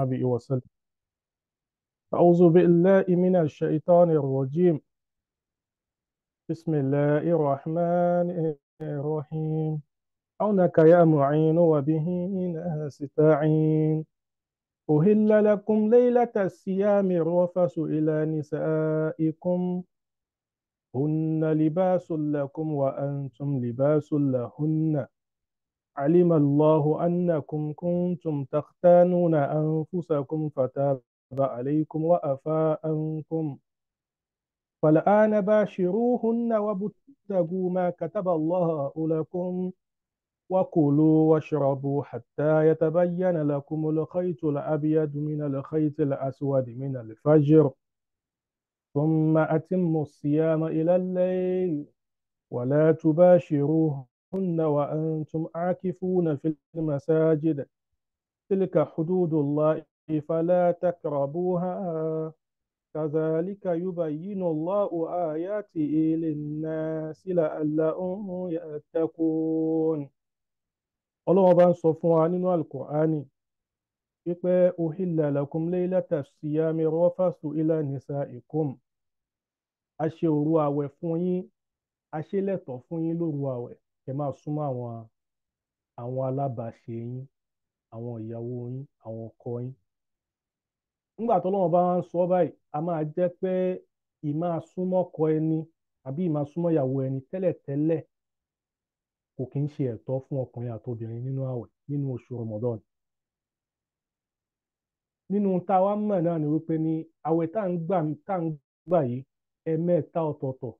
وصحبه وسلم أعوذ بالله من الشيطان الرجيم بسم الله الرحمن الرحيم عونك يا معين وبه نستعين أهل لكم ليلة الصيام الرفس إلى نسائكم هن لباس لكم وأنتم لباس لهن علم الله أنكم كنتم تختانون أنفسكم فتاب عليكم وأفى أنكم فالآن باشروهن وابتغوا ما كتب الله لكم وكلوا واشربوا حتى يتبين لكم الخيط الأبيض من الخيط الأسود من الفجر ثم أتموا الصيام إلى الليل ولا تباشروهن تنكحوهن وأنتم عاكفون في المساجد تلك حدود الله فلا تقربوها كذلك يبين الله آياته للناس لعلهم يتقون ọlọ́wọ́n bá ń sọ fún wa nínú alukur'ani wípé uhilla lakum laylata siyami rafasu ila nisaikum a ṣe òru àwẹ̀ fún yín a ṣe lẹ́tọ̀ fún yín lóru àwẹ̀ ẹ máa súnmọ́ àwọn àwọn alábàáṣe yín àwọn ìyàwó yín àwọn ọkọ yín nígbà tọ́lọ́run bá wá ń sọ báyìí a máa jẹ́ pé ìmá súnmọ́ ọkọ ẹni àbí ìmá súnmọ́ ìyàwó ẹni tẹ́lẹ̀tẹ́lẹ̀ kò kí ń ṣe ẹ̀tọ́ fún ọkùnrin àtobìnrin nínú àwẹ̀ nínú oṣù Ramadan nínú tá a mọ̀ náà ni wípé ní àwẹ̀ tá ń gbà tá ń gbà yìí ẹ̀mẹ́ta ọ̀tọ̀ọ̀tọ̀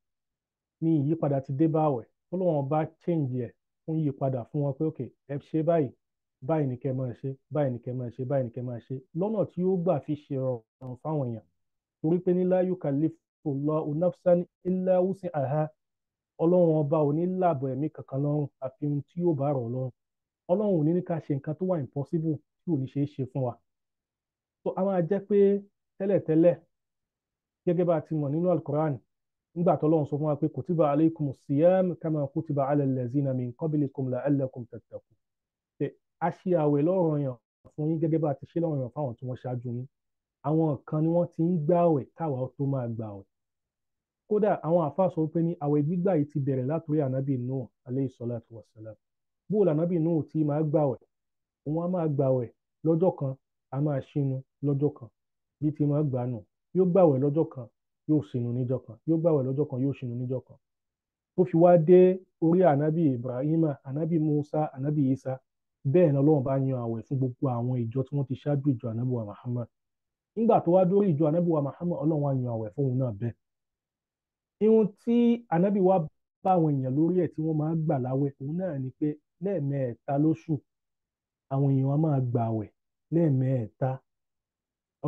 ni ìyípadà ti dé bá àwẹ̀ ó lóun change ẹ̀ fún yípadà fún wọn pé ok ẹ ṣe báyìí báyìí ni kẹ́ máa ṣe báyìí ni kẹ́ máa ṣe báyìí ni kẹ́ máa ṣe lọ́nà tí ó gbà fi ṣe rọrùn fáwọn èèyàn torí pé ní la yukallifullahu nafsan illa wus'aha ọlọ́run ọba ò ní láàbọ̀ ẹ̀mí kankan lọ́rùn àfi ohun tí yóò bá rọ̀ lọ́rùn ọlọ́run ò ní ní ká ṣe nǹkan tó wà impossible tí ò ní ṣeé ṣe fún wa so a máa jẹ́ pé tẹ́lẹ̀tẹ́lẹ̀ gẹ́gẹ́ bá a ti mọ̀ nínú alukoran nígbà tó lọ́run sọ fún wa pé kutiba alaykum siyam kama kutiba ala allazina min qablikum la'allakum tattaqun ṣe a ṣe àwẹ̀ lọ́rọ̀ yàn fún yín gẹ́gẹ́ bá a ti ṣe lọ́rọ̀ yàn fáwọn tí wọ́n ṣáájú yín àwọn kan ni wọ́n ti ń gbà àwẹ̀ káwa tó máa gbà àwẹ̀ kódà àwọn àfa sọ pé ní àwẹ̀ gbígbà yìí ti bẹ̀rẹ̀ látòrí ànábì Nuh alayhi salatu wassalam ànábì Nuh ti máa gbàwẹ̀ yóò sinu níjọ́ kan yóò gbàwẹ̀ lọ́jọ́ kan yóò sinu níjọ́ kan ó fi wá dé orí ànábì ibrahima ànábì musa anabi isa bẹ́ẹ̀ ni ọlọ́run bá yan àwẹ̀ fún gbogbo àwọn ìjọ tí wọ́n ti ṣáájú ìjọ ànábì wa muhammad nígbà tó wá dórí ìjọ ànábì wa muhammad ọlọ́run á yan àwẹ̀ fún òun náà bẹ́ẹ̀ ihun tí ànábì wa bá àwọn èèyàn lórí ẹ̀ tí wọ́n máa gbà láwẹ̀ òun náà ni pé lẹ́ẹ̀mẹ́ẹ̀ta lóṣù àwọn èèyàn wa máa gbà àwẹ̀ lẹ́ẹ̀mẹ́ẹ̀ta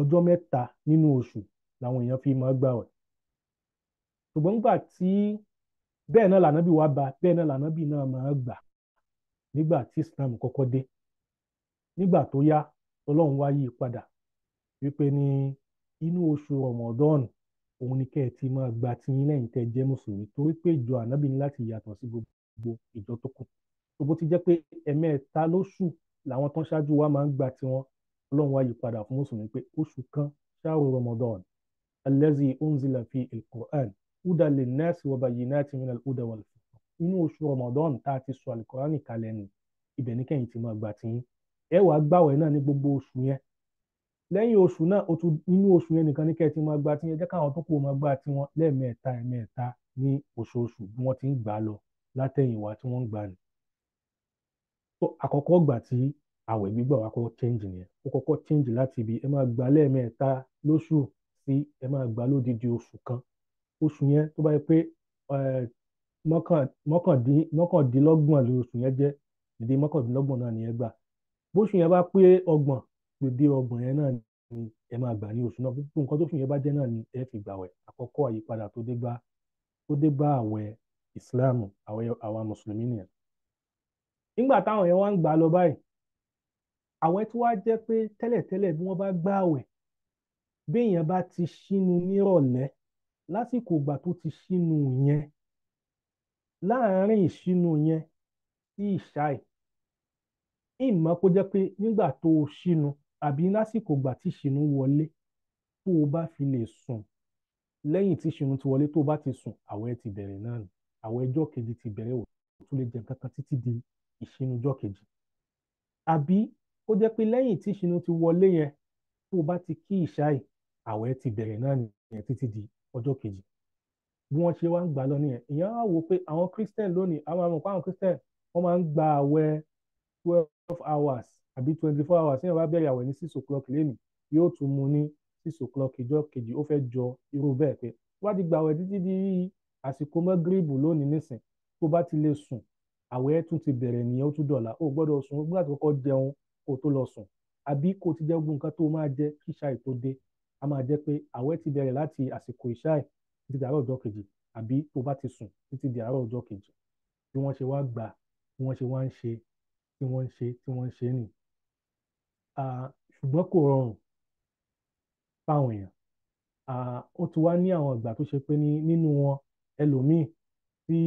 ọjọ́ mẹ́ta nínú oṣù làwọn èèyàn fi máa gbàwẹ̀ ṣùgbọ́n nígbà tí bẹ́ẹ̀ náà lànàbí wa bá bẹ́ẹ̀ náà lànàbí náà máa gbà nígbà tí Islam kọ́kọ́ dé nígbà tó yá ọlọ́run wá yí padà wípé ní inú oṣù Ramadan òun ni kẹ́ ẹ ti máa gba tiyín lẹ́yìn tẹ́ ẹ jẹ́ mùsùlùmí torí pé ìjọ ànábì ní láti yàtọ̀ sí gbogbo ìjọ tó kù tó ti jẹ́ pé ẹ̀mẹ́ta lóṣù làwọn tán ṣáájú wa máa ń gba tiwọn ọlọ́run wá yí padà fún mùsùlùmí pé oṣù kan ṣáàrù Ramadan allazi unzila fi il-Qur'an huda lè nẹ́ẹ̀sì wọ́n báyìí nẹ́ẹ̀tì mi náà huda wà lẹ́fọ̀ inú oṣù Ramadan tá a ti sọ alukurani kalẹ̀ ni ibẹ̀ ní kẹ́yìn ti máa gbà tí yín ẹ wàá gbàwẹ̀ náà ní gbogbo oṣù yẹn lẹ́yìn oṣù náà o tún inú oṣù yẹn nìkan ní kẹ́yìn ti máa gbà tí yẹn jẹ́ káwọn tó kù máa gbà tí wọ́n lẹ́ẹ̀mẹ́ta ẹ̀mẹ́ta ní oṣooṣù bí wọ́n ti ń gbà lọ látẹ̀yìnwá tí wọ́n ń gbà ní. so àkọ́kọ́ gbà tí àwẹ̀ gbígbà wa kọ́ change nìyẹn ó kọ́kọ́ change láti ibi ẹ máa gbà lẹ́ẹ̀mẹ́ta lóṣù sí ẹ máa gbà lódidi oṣù kan oṣù yẹn tó bá yẹ pé eh, mọ́kàndínlọ́gbọ̀n lóṣù yẹn jẹ́ dèdè mọ́kàndínlọ́gbọ̀n náà nìyẹn gbà bóṣù yẹn bá pé ọgbọ̀n dèdè ọgbọ̀n yẹn náà ni ẹ máa gbà ní oṣù náà gbogbo nǹkan tóṣù yẹn bá jẹ́ náà ni ẹ fi gbàwẹ̀ àkọ́kọ́ àyípadà tó dé bá tó dé bá àwẹ̀ ìsìláàmù àwa mùsùlùmí nìyẹn nígbà táwọn yẹn wá ń gbà lọ báyìí àwẹ̀ tí wàá jẹ́ pé tẹ́lẹ̀tẹ́lẹ̀ bí wọ́n bá gbà àwẹ̀ béèyàn bá ti ṣínu nírọ̀lẹ́ lásìkò ìgbà tó ti ṣínú yẹn láàárín ìṣínú yẹn sí ìṣáì ìmọ̀ kó jẹ́ pé nígbà tó o ṣínú àbí lásìkò ìgbà tí ìṣínú wọlé tó o bá fi lè sùn lẹ́yìn tí ìṣínú ti wọlé tó o bá ti sùn àwẹ̀ ti bẹ̀rẹ̀ náà nù àwẹ̀ ọjọ́ kejì ti bẹ̀rẹ̀ wò tó lè jẹ nǹkan títí di ìṣínú ọjọ́ kejì àbí ó jẹ́ pé lẹ́yìn tí ìṣínú ti wọlé yẹn tó o bá ti kí ìṣáì àwẹ̀ ti bẹ̀rẹ̀ náà nìyẹn títí di ọjọ́ kejì bí wọ́n ṣe wá ń gbà lọ nìyẹn ìyẹn á wò pé àwọn christian lónìí àwọn àmọ̀ àwọn christian wọ́n máa ń gba àwẹ̀ twelve hours àbí twenty four hours níyẹn bá bẹ̀rẹ̀ àwẹ̀ ní six o'clock lẹ́nu yóò tún mu ní six o'clock ìjọ kejì ó fẹ́ jọ irú bẹ́ẹ̀ pé wá ti gbà àwẹ̀ títí di àsìkò mọ́gírìbù lónìí nísìn tó bá ti lè sùn àwẹ̀ tún ti bẹ̀rẹ̀ nìyẹn ó tún dọ̀la ó gbọ́dọ̀ sùn ó gbọ́dọ̀ kọ́kọ́ jẹun kó tó lọ sùn àbí kó ti jẹ gbogbo nǹkan tó máa jẹ kíṣà ètò dé a máa jẹ́ pé àwẹ̀ ti bẹ̀rẹ̀ láti àsìkò ìṣáì títí di àárọ̀ ọjọ́ kejì àbí tó bá ti sùn títí di àárọ̀ ọjọ́ kejì bí wọ́n ṣe wá gbà bí wọ́n ṣe wá ń ṣe tí wọ́n ń ṣe tí wọ́n ń ṣe nì. ṣùgbọ́n kò rọrùn fáwọn èèyàn ó ti wá ní àwọn ìgbà tó ṣe pé nínú wọn ẹlòmíì tí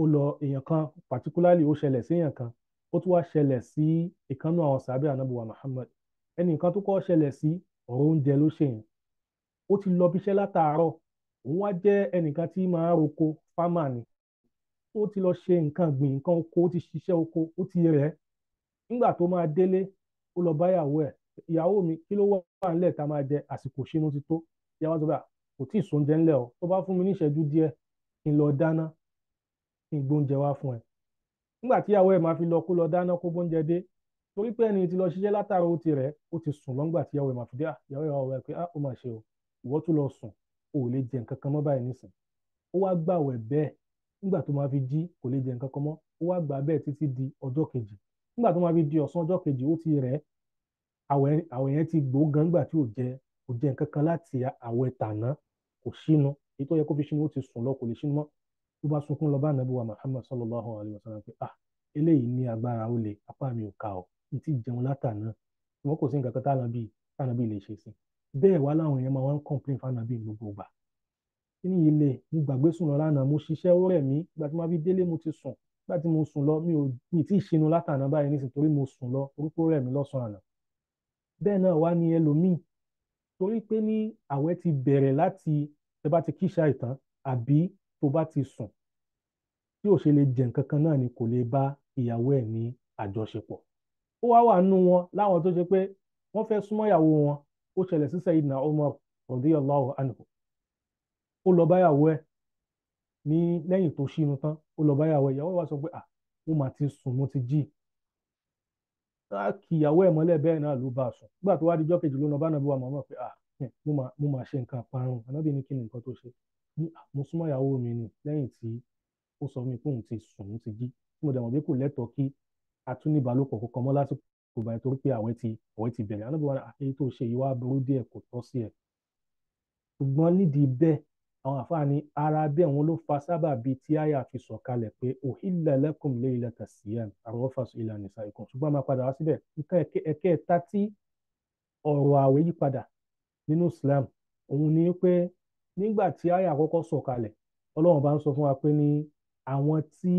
ó lọ èèyàn kan particularly ó ṣẹlẹ̀ sí èèyàn kan ó tún wá ṣẹlẹ̀ sí ìkànnù àwọn sàbẹ̀ anábùwà Muhammad ẹnì kan tó kọ́ ọ̀rọ̀ oúnjẹ ló ṣe yẹn ó ti lọ bíṣẹ́ látàárọ̀ òun wá jẹ́ ẹnìkan tí máa roko fámà ni ó ti lọ ṣe nǹkan gbìn nǹkan oko ó ti ṣiṣẹ́ oko ó ti rẹ̀ nígbà tó máa délé ó lọ bá ìyàwó ẹ̀ ìyàwó mi kí ló wà ńlẹ̀ tá máa jẹ àsìkò ṣínú ti tó ìyàwó tó bá kò tí ì sóúnjẹ ńlẹ̀ o tó bá fún mi ní ìṣẹ́jú kí n lọ dáná kí n gbóúnjẹ wá fún ẹ nígbà tí ìyàwó ẹ̀ máa fi lọ kó lọ dáná kó gbóúnjẹ dé torí pé ẹni ti lọ ṣiṣẹ́ ó ti rẹ̀ ó ti sùn lọ́ngbà tí ìyàwó ẹ̀ máa fi dé ah, ṣe o lọ sùn o ò lè jẹ nǹkan kan mọ́ báyìí nísìn ó wá gbàwẹ̀ bẹ́ẹ̀ nígbà tó máa fi jí kò lè jẹ nǹkan kan mọ́ ó wá gbà bẹ́ẹ̀ títí di ọjọ́ kejì nígbà tó máa fi di ọ̀sán ọjọ́ kejì ó ti rẹ̀ àwẹ̀ yẹn ti gbó gan nígbà tí ò jẹ nǹkan kan láti àwẹ̀ ìtì jẹun látàná wọn kò sí nǹkan kan tánàbí tánàbí lè ṣe sí bẹ́ẹ̀ wá láwọn èèyàn máa wá ń complain fánàbí gbogbo gbà nínú ilé mo gbàgbé sùn lọ lánàá mo ṣiṣẹ́ ó rẹ̀ mí ìgbà tí mo fi délé mo ti sùn ìgbà tí mo sùn lọ mi ò mi ti ṣinu látàná báyìí nísìnyí torí mo sùn lọ orúkọ rẹ̀ mí lọ́sàn àná bẹ́ẹ̀ náà wá ní ẹlòmíì torí pé ní àwẹ̀ ti bẹ̀rẹ̀ láti ẹ bá ti kíṣà ìtàn àbí tó bá ti sùn tí ò ṣe lè jẹ nǹkan kan náà ni kò lè bá ìyàwó ẹ̀ ní àjọṣepọ̀ ó wa wà nù wọn láwọn tó ṣe pé wọ́n fẹ́ súnmọ́ ìyàwó wọn ó ṣẹlẹ̀ sí Sayyidina Umar radiyallahu anhu ó lọ báyàwó ẹ̀ ní lẹ́yìn tó ṣínú tán ó lọ báyàwó ẹ̀ ìyàwó ẹ̀ sọ pé à mo mà ti sùn mo ti jí kí ìyàwó ẹ̀ mọ́lẹ̀ bẹ́ẹ̀ náà ló bá a sùn nígbà tó wá di ló bá nàbí wa pé à hm, mo ṣe nǹkan ní kí ni nǹkan tó ṣe mo ti sùn ti jí mo pé kò atúnibàlòpọ̀ kankan mọ́ lásìkò báyìí torí pé àwẹ̀ ti àwẹ̀ ti bẹ̀rẹ̀ anábì wọn àti tó ṣe yìí wá burú díẹ̀ kò tọ́ sí ẹ̀ ṣùgbọ́n nídìí bẹ́ẹ̀ àwọn àfáàní ara bẹ́ẹ̀ wọn ló fa sábà bíi tí àyà fi sọ̀kalẹ̀ pé uhilla lakum laylata siyam ar-rafasu ila nisaikum ṣùgbọ́n máa padà wá síbẹ̀ nǹkan ẹ̀kẹta tí ọ̀rọ̀ àwẹ̀ yí padà nínú Islam òun ni pé nígbà tí àyà àkọ́kọ́ sọ̀kalẹ̀ Ọlọ́run bá ń sọ fún wa pé ní àwọn tí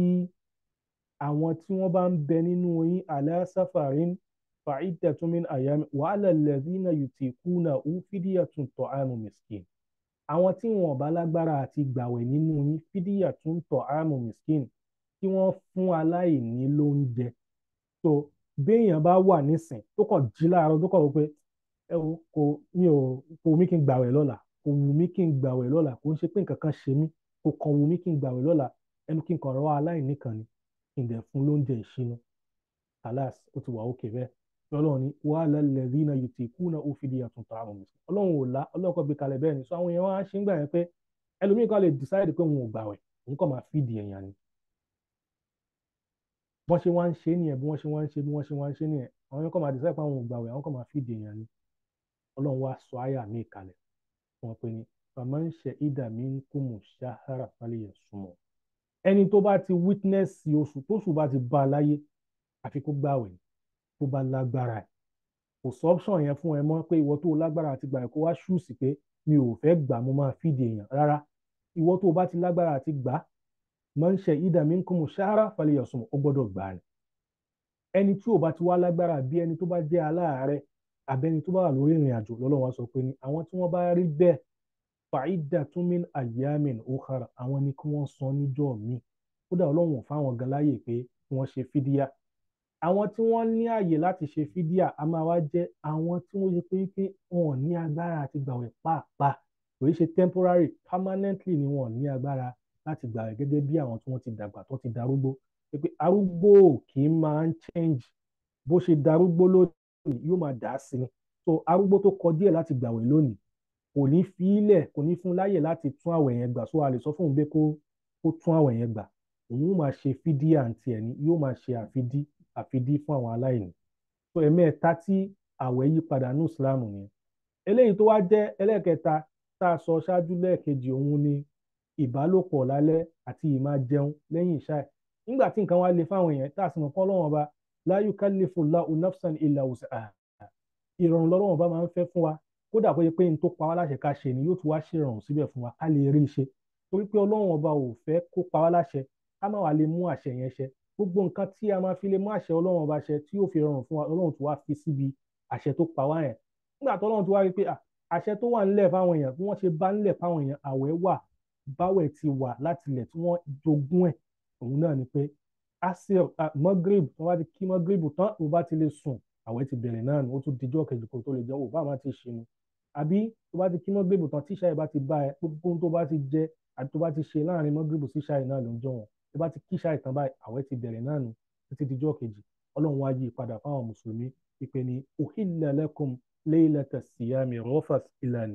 àwọn tí wọ́n bá ń bẹ nínú yín ala safarin fa'iddatun min ayyam wa ala alladhina yutiqunahu fidyatun ta'amu miskin àwọn tí wọn ò bá lágbára àti gbàwẹ̀ nínú yín fidyatun ta'amu miskin tí wọ́n fún aláìní lóúnjẹ so béèyàn bá wà nísìn tó kàn jí láàárọ̀ tó kàn wọ pé ẹ wo kò mi ò kò mí kí n gbàwẹ̀ lọ́la kò wù mí kí n gbàwẹ̀ lọ́la kò ń ṣe pé nǹkan kan ṣe mí kò kàn wù mí kí n gbàwẹ̀ lọ́la ẹnu kí n kàn rọ aláìní kan ni kí n dẹ̀ fún lóúnjẹ ìṣínú alas ó ti wà òkè bẹ́ẹ̀ lọ́lọ́run ni wà á lẹ́lẹ̀ rí iná yìí tí kú náà ó fi di àtúntò àrùn mi ọlọ́run ò lá ọlọ́kọ̀ bí kalẹ̀ bẹ́ẹ̀ ni so àwọn èèyàn wá ṣe ń gbà yẹn pé ẹlòmíì kan lè decide pé òun ò gbàwẹ̀ òun kàn máa fìdí èèyàn ni bọ́n ṣe wá ń ṣe nìyẹn bí wọ́n ṣe wá ṣe bí wọ́n ṣe wá ṣe nìyẹn àwọn èèyàn kàn máa decide pé àwọn ò gbàwẹ̀ àwọn kàn máa fìdí èèyàn ni ọlọ́run wá sọ àyà mi kalẹ̀ wọ́n pe ni faman shahida minkumu shahara falyasumhu ẹni tó bá ti witness oṣù tóṣù bá ti bá a láyé àfi kó gbàwẹ̀ tó bá lágbára ẹ̀ kò sọ option yẹn fún ẹ mọ́ pé ìwọ tó lágbára àti gbà ẹ̀ kó wá ṣùùsì pé mi ò fẹ́ gbà mo máa fìdí èèyàn rárá ìwọ tó bá ti lágbára àti gbà máa ń ṣe ìdààmú nǹkan mu ṣáárá falẹ̀yọ̀sùn ó gbọ́dọ̀ gbà ni ẹni tí ò bá ti wá lágbára bí ẹni tó bá jẹ́ aláàárẹ̀ àbẹ́ni tó bá wà lórí ìrìn àjò lọ́lọ́run sọ pé ni àwọn tí wọ́n bá rí bẹ́ẹ̀ fa'iddatun min ayyamin ukhara àwọn ni kí wọ́n san níjọ́ míì kódà ọlọ́run fáwọn gan láyè pé wọ́n ṣe fídíà àwọn tí wọ́n ní àyè láti ṣe fídíà a máa wá jẹ́ àwọn tí wọ́n ṣe pé pé wọn ní agbára àti gbàwẹ̀ pàápàá kò í ṣe temporary permanently ni wọn ò ní agbára láti gbàwẹ̀ gẹ́gẹ́ bí àwọn tí wọ́n ti dàgbà tó ti darúgbó pé arúgbó kì í máa ń change bó ṣe darúgbó lónìí yóò máa dà á sí ni so arúgbó tó kọjú ẹ̀ láti gbàwẹ̀ lónìí kò ní fi í lẹ̀ kò ní fún láyè láti tún àwẹ̀ yẹn gbà so a lè sọ fún un pé kó kó tún àwẹ̀ yẹn gbà òun máa ṣe fídí àǹtí ẹ̀ ní yóò máa ṣe àfidí àfidí fún àwọn aláìní so ẹ̀mẹ́ẹ̀ta tí àwẹ̀ yí padà ní ìsìlámù yẹn eléyìí tó wá jẹ́ ẹlẹ́ẹ̀kẹta tá a sọ ṣáájú lẹ́ẹ̀kejì òun ni ìbálòpọ̀ lálẹ́ àti ìmá jẹun lẹ́yìn ìṣáì nígbà tí nǹkan wá le fáwọn èèyàn tá a sì mọ̀ kọ́ lọ́wọ́n ọba la yukallifu Allahu nafsan illa wus'aha ìrọ̀rùn lọ́wọ́n ọba máa ń fẹ́ fún wa kódà kó yẹ pé n tó pa wá láṣẹ ká ṣe ni yóò tún wá ṣèrànwọ́ síbẹ̀ fún wa ká lè rí i ṣe torí pé ọlọ́run ọba ò fẹ́ kó pa wá láṣẹ ká má wàá lè mú àṣẹ yẹn ṣẹ gbogbo nǹkan tí a máa fi lè mú àṣẹ ọlọ́run ọba ṣẹ tí yóò fi rọrùn fún wa ọlọ́run tó wá fi síbi àṣẹ tó pa wá yẹn nígbà tó ọlọ́run tó wá rí pé àṣẹ tó wà ńlẹ̀ fáwọn èèyàn bí wọ́n ṣe bá ńlẹ̀ fáwọn èèyàn àwẹ̀ wà báwẹ̀ asir mọ́gírìbù tó bá ti kí mọ́gírìbù tán òun bá ti lè sùn àwẹ̀ ti bẹ̀rẹ̀ àbí tó bá ti kí mọ́gìrìbù tán tíṣà yìí bá ti bá ẹ gbogbo ohun tó bá ti jẹ àti tó bá ti ṣe láàrin mọ́gìrìbù síṣà yìí náà ló ń jọ wọn tó bá ti kíṣà yìí tán báyìí àwẹ̀ ti bẹ̀rẹ̀ náà nù títí dijọ́ kejì ọlọ́run wá yí padà fáwọn mùsùlùmí ìpè ní uhilla lakum laylata siyami rofas ila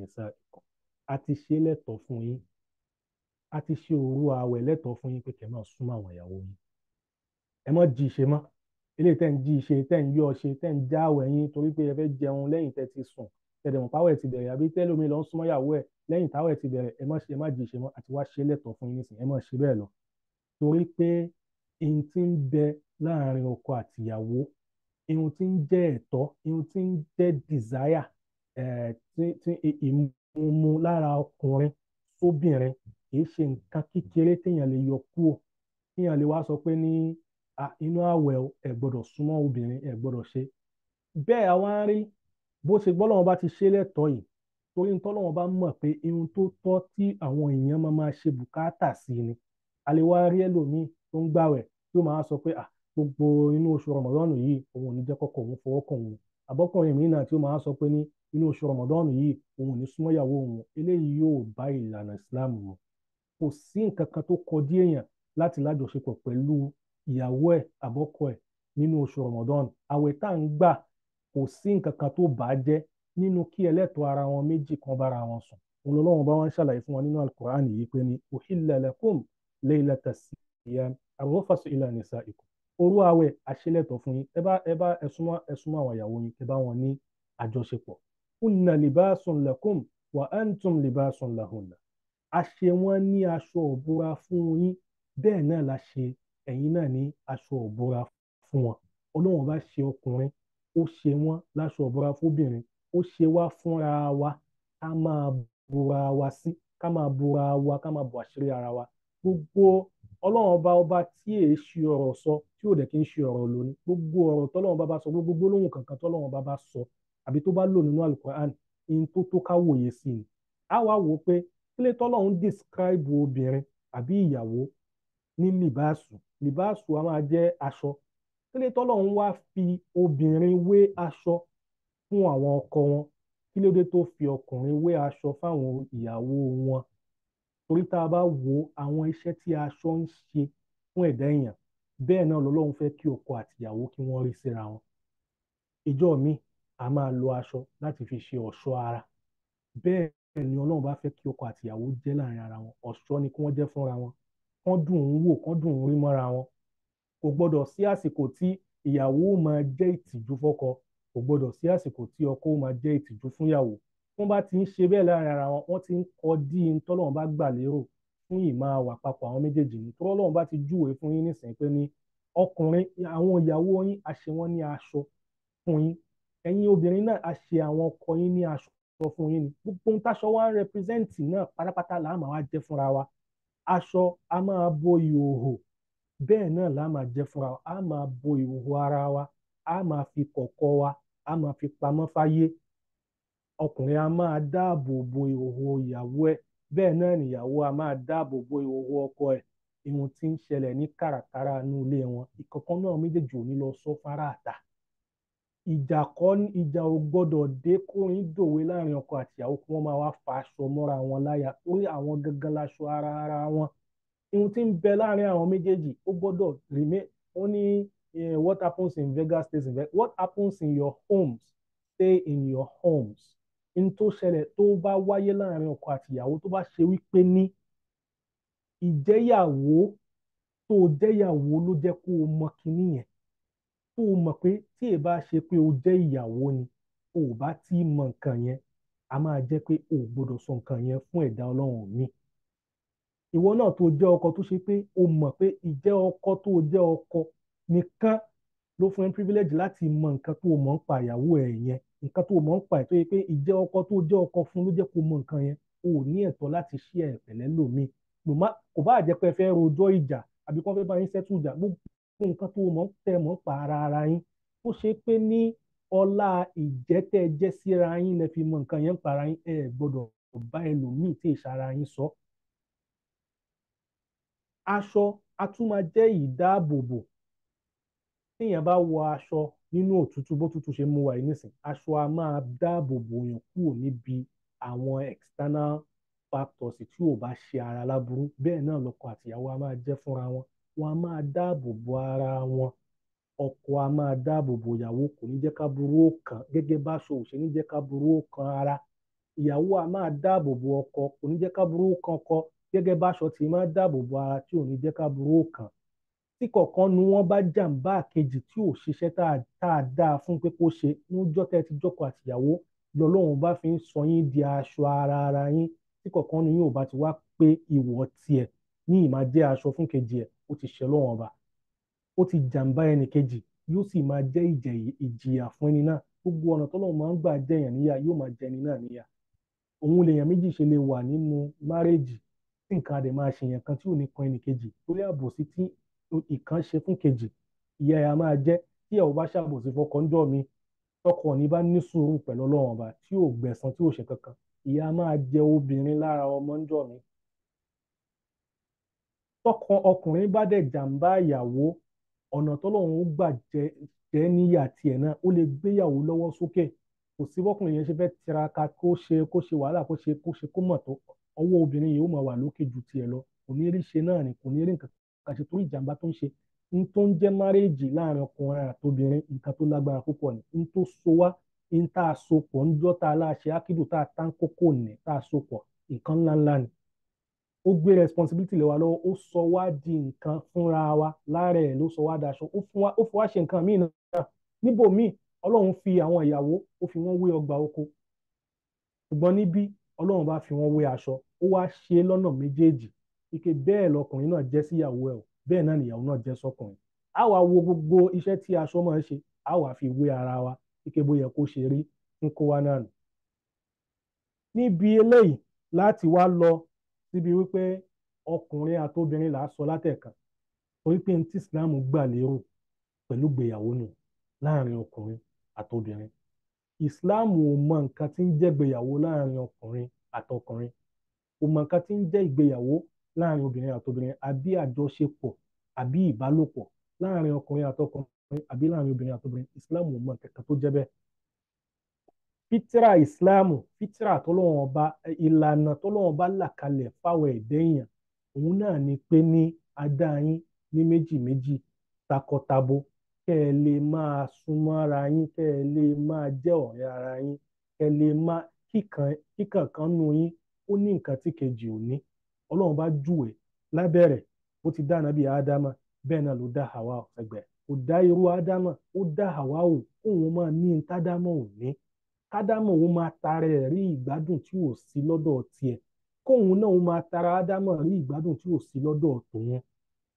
jí ìṣe mọ́ eléyìí tẹ́ ń jí ìṣe tẹ́ ń yọ ṣe tẹ́ ń já àwẹ̀ yín torí pé ẹ fẹ́ jẹun lẹ́yìn tẹ́ ti sùn tẹ̀dẹ̀ mọ̀ páwẹ̀ ti bẹ̀rẹ̀ àbí tẹ́lómi lọ ń súnmọ́ ìyàwó ẹ̀ lẹ́yìn táwẹ̀ ti bẹ̀rẹ̀ ẹ má ṣe má jì ṣe mọ́ àti wá ṣe lẹ́tọ̀ọ́ fún yín nísìn ẹ má ṣe bẹ́ẹ̀ lọ torí pé ihun tí ń bẹ láàrin ọkọ àtìyàwó ihun tí ń jẹ́ ẹ̀tọ́ ihun tí ń jẹ́ desire ìmúmu lára ọkùnrin sóbìnrin kìí ṣe nǹkan kékeré téèyàn lè yọ kúrò téèyàn lè wá sọ pé ní inú àwẹ̀ ẹ gbọ́dọ̀ súnmọ́ obìnrin ẹ gbọ́dọ̀ ṣe bẹ́ẹ̀ àwa ń bó ṣe gbọ́ lọ́wọ́ bá ti ṣe eto yìí torí tọ́lọ́wọ́ bá mọ̀ pé irun tó tọ́ tí àwọn èèyàn máa máa ṣe bùkátà sí ni àlewá rí ẹlòmíì tó ń gbàwẹ̀ tí ó máa sọ pé à gbogbo inú oṣù rọmọdọ́nù yìí òun ò ní jẹ́ kọ́kọ́ òun fọwọ́ kàn àbọ́kùnrin mi sọ pé ní inú oṣù rọmọdọ́nù yìí òun ò ní súnmọ́ ìyàwó òun eléyìí yóò Islam mu kò sí nǹkan kan tó kọjú èèyàn láti lájọṣepọ̀ pẹ̀lú ìyàwó ẹ̀ ẹ̀ nínú oṣù rọmọdọ́nù àwẹ̀ kò sí nǹkan kan tó bà á jẹ́ nínú kí ẹlẹ́tọ̀ọ́ ara wọn méjì kan bára wọn sùn òun lọ́lọ́run bá wọn ṣàlàyé fún wọn nínú alukur'an yìí pé ní uhilla lakum laylata siyam arrafasu ila nisaikum òru àwẹ̀ àṣẹlẹ̀tọ̀ fún yín ẹ bá ẹ bá ẹ súnmọ́ àwọn ìyàwó yín ẹ bá wọn ní àjọṣepọ̀ hunna libasun lakum wa antum libasun lahunna a ṣe wọ́n ní aṣọ òbúra fún yín bẹ́ẹ̀ náà la ṣe ẹ̀yin náà ní aṣọ òbúra fún wọn ọlọ́run bá ṣe ọkùnrin ó ṣe wọ́n láṣọ ìbora fóbìnrin ó ṣe wá fúnra wa ká máa bora wa sí ká máa bora wa ká máa bò àṣírí ara wa gbogbo ọlọ́run ọba ọba tí èé ṣe ọ̀rọ̀ sọ tí ò dẹ̀ kí ń ṣe ọ̀rọ̀ lò ní gbogbo ọ̀rọ̀ tọ́lọ́run ọba bá sọ gbogbo gbólóhùn kankan tọ́lọ́run ọba bá sọ àbí tó bá lò nínú alukur'an in tó tó ká wòye sí i á wá wò ó pé kílé tọ́lọ́run describe obìnrin àbí ìyàwó ní libaṣu libaṣu a máa jẹ́ aṣọ kílé tọ́lọ́run wá fi obìnrin wé aṣọ fún àwọn ọkọ wọn kí tó fi ọkùnrin wé aṣọ fáwọn ìyàwó wọn torí tá a bá wo àwọn iṣẹ́ tí aṣọ ń ṣe fún ẹ̀dá èèyàn bẹ́ẹ̀ náà lọ́lọ́run fẹ́ kí ọkọ àtìyàwó kí wọ́n rí síra wọn ìjọ mi a máa lo aṣọ láti fi ṣe ọ̀ṣọ́ ara bẹ́ẹ̀ ni ọlọ́run bá fẹ́ kí ọkọ àtìyàwó jẹ́ láàrin ara wọn ọ̀ṣọ́ ni kí wọ́n jẹ́ fúnra wọn kán dùn ún wò kán dùn ún rí mọ́ra wọn kò gbọdọ̀ sí àsìkò tí ìyàwó máa jẹ́ ìtìjú fọ́kọ kò gbọdọ̀ sí àsìkò tí ọkọ máa jẹ́ ìtìjú fún ìyàwó wọ́n bá ti ń ṣe bẹ́ẹ̀ láàrin ara wọn wọ́n ti ń kọ́ dí in tọ́lọ́run bá gbà lérò fún ìmọ̀ àwà papọ̀ àwọn méjèèjì ní tọ́lọ́run bá ti júwèé fún yín nísìnyí pé ní ọkùnrin àwọn ìyàwó yín a ṣe wọ́n ní aṣọ fún yín ẹ̀yin obìnrin náà a ṣe àwọn ọkọ yín ní aṣọ fún yín ni gbogbo ohun táṣọ wa ń rẹpírẹ́sẹ̀ǹtì náà pátápátá làá máa wá jẹ́ fúnra wa aṣọ a máa bo ìhòòhò bẹ́ẹ̀ náà la máa jẹ́ fúnra wa a máa bo ìhòòhò ara wa a máa fi kọ̀kọ̀ wa a máa fi pamọ́ fáyé ọkùnrin a máa dáàbò bo ìhòòhò ìyàwó ẹ̀ bẹ́ẹ̀ náà nìyàwó a máa dáàbò bo ìhòòhò ọkọ ẹ̀ ihun tí ń ṣẹlẹ̀ ní kàràkàrà inú ilé wọn ìkọ̀kan náà méjèèjì ò ní lọ sọ fara àtà ìjà kọ́ ìjà ò gbọ́dọ̀ dé kórin dòwe láàrin ọkọ àtìyàwó kí wọ́n máa wá fa aṣọ mọ́ra wọn láyà torí àwọn gangan laṣọ ara ara wọn ohun tí ń bẹ láàrin àwọn méjèèjì ó gbọ́dọ̀ remain ó ní what happens in Vegas stays in Vegas what happens in your homes stay in your homes n tó ṣẹlẹ̀ tó bá wáyé láàrin ọkọ àtìyàwó tó bá ṣe wípé ní ìjẹ́yàwó tó jẹ́yàwó ló jẹ́ kó o mọ kinní yẹn tó o mọ̀ pé tí ẹ bá ṣe pé o jẹ́ ìyàwó ni o ò bá tí ì mọ nǹkan yẹn a máa jẹ́ pé o ò gbọ́dọ̀ sọ nǹkan yẹn fún ẹ̀dá ọlọ́run mi ìwọ náà tó jẹ́ ọkọ tó ṣe pé o mọ̀ pé ìjẹ́ ọkọ tó jẹ́ ọkọ nìkan ló fún ẹ privilege láti mọ nǹkan tó mọ̀ ń pa ìyàwó ẹ̀ yẹn nǹkan tó mọ̀ ń pa ẹ̀ tó yẹ pé ìjẹ́ ọkọ tó jẹ́ ọkọ fún ló jẹ́ kó mọ nǹkan yẹn o ò ní ẹ̀tọ́ láti ṣí ẹ̀ pẹ̀lẹ́ lómi kò bá jẹ́ pé ẹ fẹ́ rojọ́ ìjà àbí kò fẹ́ bá yín sẹ́tù ìjà gbogbo nǹkan tó mọ̀ ń tẹ̀ mọ̀ ń pa ara ara yín ó ṣe pé ní ọlá ìjẹ́tẹ̀ẹ́jẹ́ yín lẹ fi mọ nǹkan yẹn ń pa ara yín ẹ gbọ́dọ̀ bá ẹlòmíì tí ìsara yín sọ aṣọ a tún máa jẹ́ ìdáàbòbò téèyàn bá wọ aṣọ nínú òtútù bó tútù ṣe mú wa yìí nísìn aṣọ a máa dáàbòbò yàn kúrò níbi àwọn external factors tí ò bá ṣe ara láburú bẹ́ẹ̀ náà lọ́kọ àtìyàwó a máa jẹ́ fúnra wọn wọn a máa dáàbòbò ara wọn ọkọ a máa dáàbòbò ìyàwó kò ní jẹ́ ká burú ó gẹ́gẹ́ bá aṣọ ò ṣe ní jẹ́ ká burú ó ara ìyàwó a máa dáàbòbò ọkọ kò ní jẹ́ ká burú ó ọkọ gẹ́gẹ́ báṣọ tí máa dáàbò bo ara tí ò ní jẹ́ ká burú òkàn tí kọ̀ọ̀kan nu wọn bá jàǹbá àkejì tí ò ṣiṣẹ́ tá a dáa fún pé kó ṣe níjọ́ tẹ́ ti jọ́kọ̀ àtìyàwó lọ́lọ́run bá fi ń sọ yín di aṣọ ara ara yín tí kọ̀ọ̀kan nu yín ò bá ti wá pé ìwọ tiẹ̀ ní ìmáa jẹ́ aṣọ fún kejì ẹ̀ ó ti ṣe lọ́wọ́n ọba ó ti jàǹbá ẹnì kejì yóò sì máa jẹ́ ìjìyà fún ẹni náà gbogbo ọ̀nà tọ́lọ́run máa ń gbà jẹ́ èèyàn níyà yóò máa jẹ ẹni náà níyà òun lèèyàn méjì ṣe lè wà nínú márẹ́jì nǹkan àdè máa ṣèyàn kan tí ò ní kan ẹnìkejì torí àbòsí tí ìkan ṣe fún kejì ìyá ẹ̀ máa jẹ́ tí ẹ̀ ò bá ṣàbòsí fọkọ ńjọ́ mi tọkọ ní bá ní sùúrù pẹ̀lú ọlọ́run ọba tí ò gbẹ̀san tí ò ṣe kankan ìyá máa jẹ obìnrin lára ọmọ ńjọ́ mi tọkọ ọkùnrin bá dẹ̀ jàǹbá ìyàwó ọ̀nà tọ́lọ́run ó gbà jẹ́ níyà tiẹ̀ náà ó lè gbéyàwó lọ́wọ́ sókè kò sí bọ́kùnrin yẹn ṣe fẹ́ tiraka kó ṣe kó ṣe wàhálà kó ṣe kó ṣe kó mọ̀ tó ọwọ́ obìnrin yìí ó máa wà lókè jù tiẹ̀ lọ kò ní rí ṣe náà ni kò ní rí nǹkan kan ṣe torí ìjàmbá tó ń ṣe n tó ń jẹ́ márèèjì láàrin ọkùnrin àtobìnrin nǹkan tó lágbára púpọ̀ ni n tó so wá n tá a so pọ̀ níjọ́ tá a láṣẹ ákídù tá a tá ń kókó nì tá a so pọ̀ nǹkan ńláńlá ni ó gbé responsibility lé wa lọ́wọ́ ó sọ wá di nǹkan fúnra wa lára ẹ̀ ló sọ wá daṣọ ó fún wa ó fún wa ṣe nǹkan míì náà níbòmíì ọlọ́run fi àwọn ìyàwó ó fi wọ́n wé ọgbà oko ṣùgbọ́n níbí ọlọ́run bá fi wọ́n wé aṣọ ó wá ṣe é lọ́nà méjèèjì ike bẹ́ẹ̀ lọkùnrin náà jẹ́ síyàwó ẹ̀ o bẹ́ẹ̀ náà nìyàwó náà jẹ́ sọkùnrin a wá wo gbogbo iṣẹ́ tí aṣọ máa ń ṣe a wá fi wé ara wa ike bó yẹ kó ṣe rí ń kó wa náà nù. níbi eléyìí láti wá lọ síbi wípé ọkùnrin àtobìnrin là á sọ látẹ̀kan torí pé ní tí gbà lérò pẹ̀lú gbéyàwó nù láàrin ọkùnrin àtobìnrin Islam ò mọ nǹkan tí ń jẹ́ ìgbéyàwó láàrin ọkùnrin àtọkùnrin ò mọ nǹkan tí ń jẹ́ ìgbéyàwó láàrin obìnrin àtobìnrin àbí àjọṣepọ̀ àbí ìbálòpọ̀ láàrin ọkùnrin àtọkùnrin àbí láàrin obìnrin àtobìnrin Islam ò mọ nǹkan kan tó jẹ́ bẹ́ẹ̀ fitira Islam fitira tọ́lọ́wọ́n ọba ìlànà tọ́lọ́wọ́n ọba là kalẹ̀ fáwọn ẹ̀dẹ́ èèyàn òun náà ni pé ní adáyín ní méjì méjì takọtabo kẹ́ ẹ lè máa súnmọ́ ara yín kẹ́ ma lè máa jẹ́ ọ̀rẹ́ ara yín kẹ́ ẹ lè máa kíkàn kan nu yín ó ní nǹkan tí kejì ò ní ọlọ́run bá júwe lábẹ́rẹ̀ ti dá ànábì ádámà bẹ́ẹ̀ náà ló dá Háwà ẹgbẹ́ kò dá irú ádámà ó dá Háwà ò kóun máa ní tádámà ò ní kádámà òun máa tara ẹ̀ rí ìgbádùn tí ò sí lọ́dọ̀ tiẹ̀ kóun náà máa tara ádámà rí ìgbádùn tí ò sí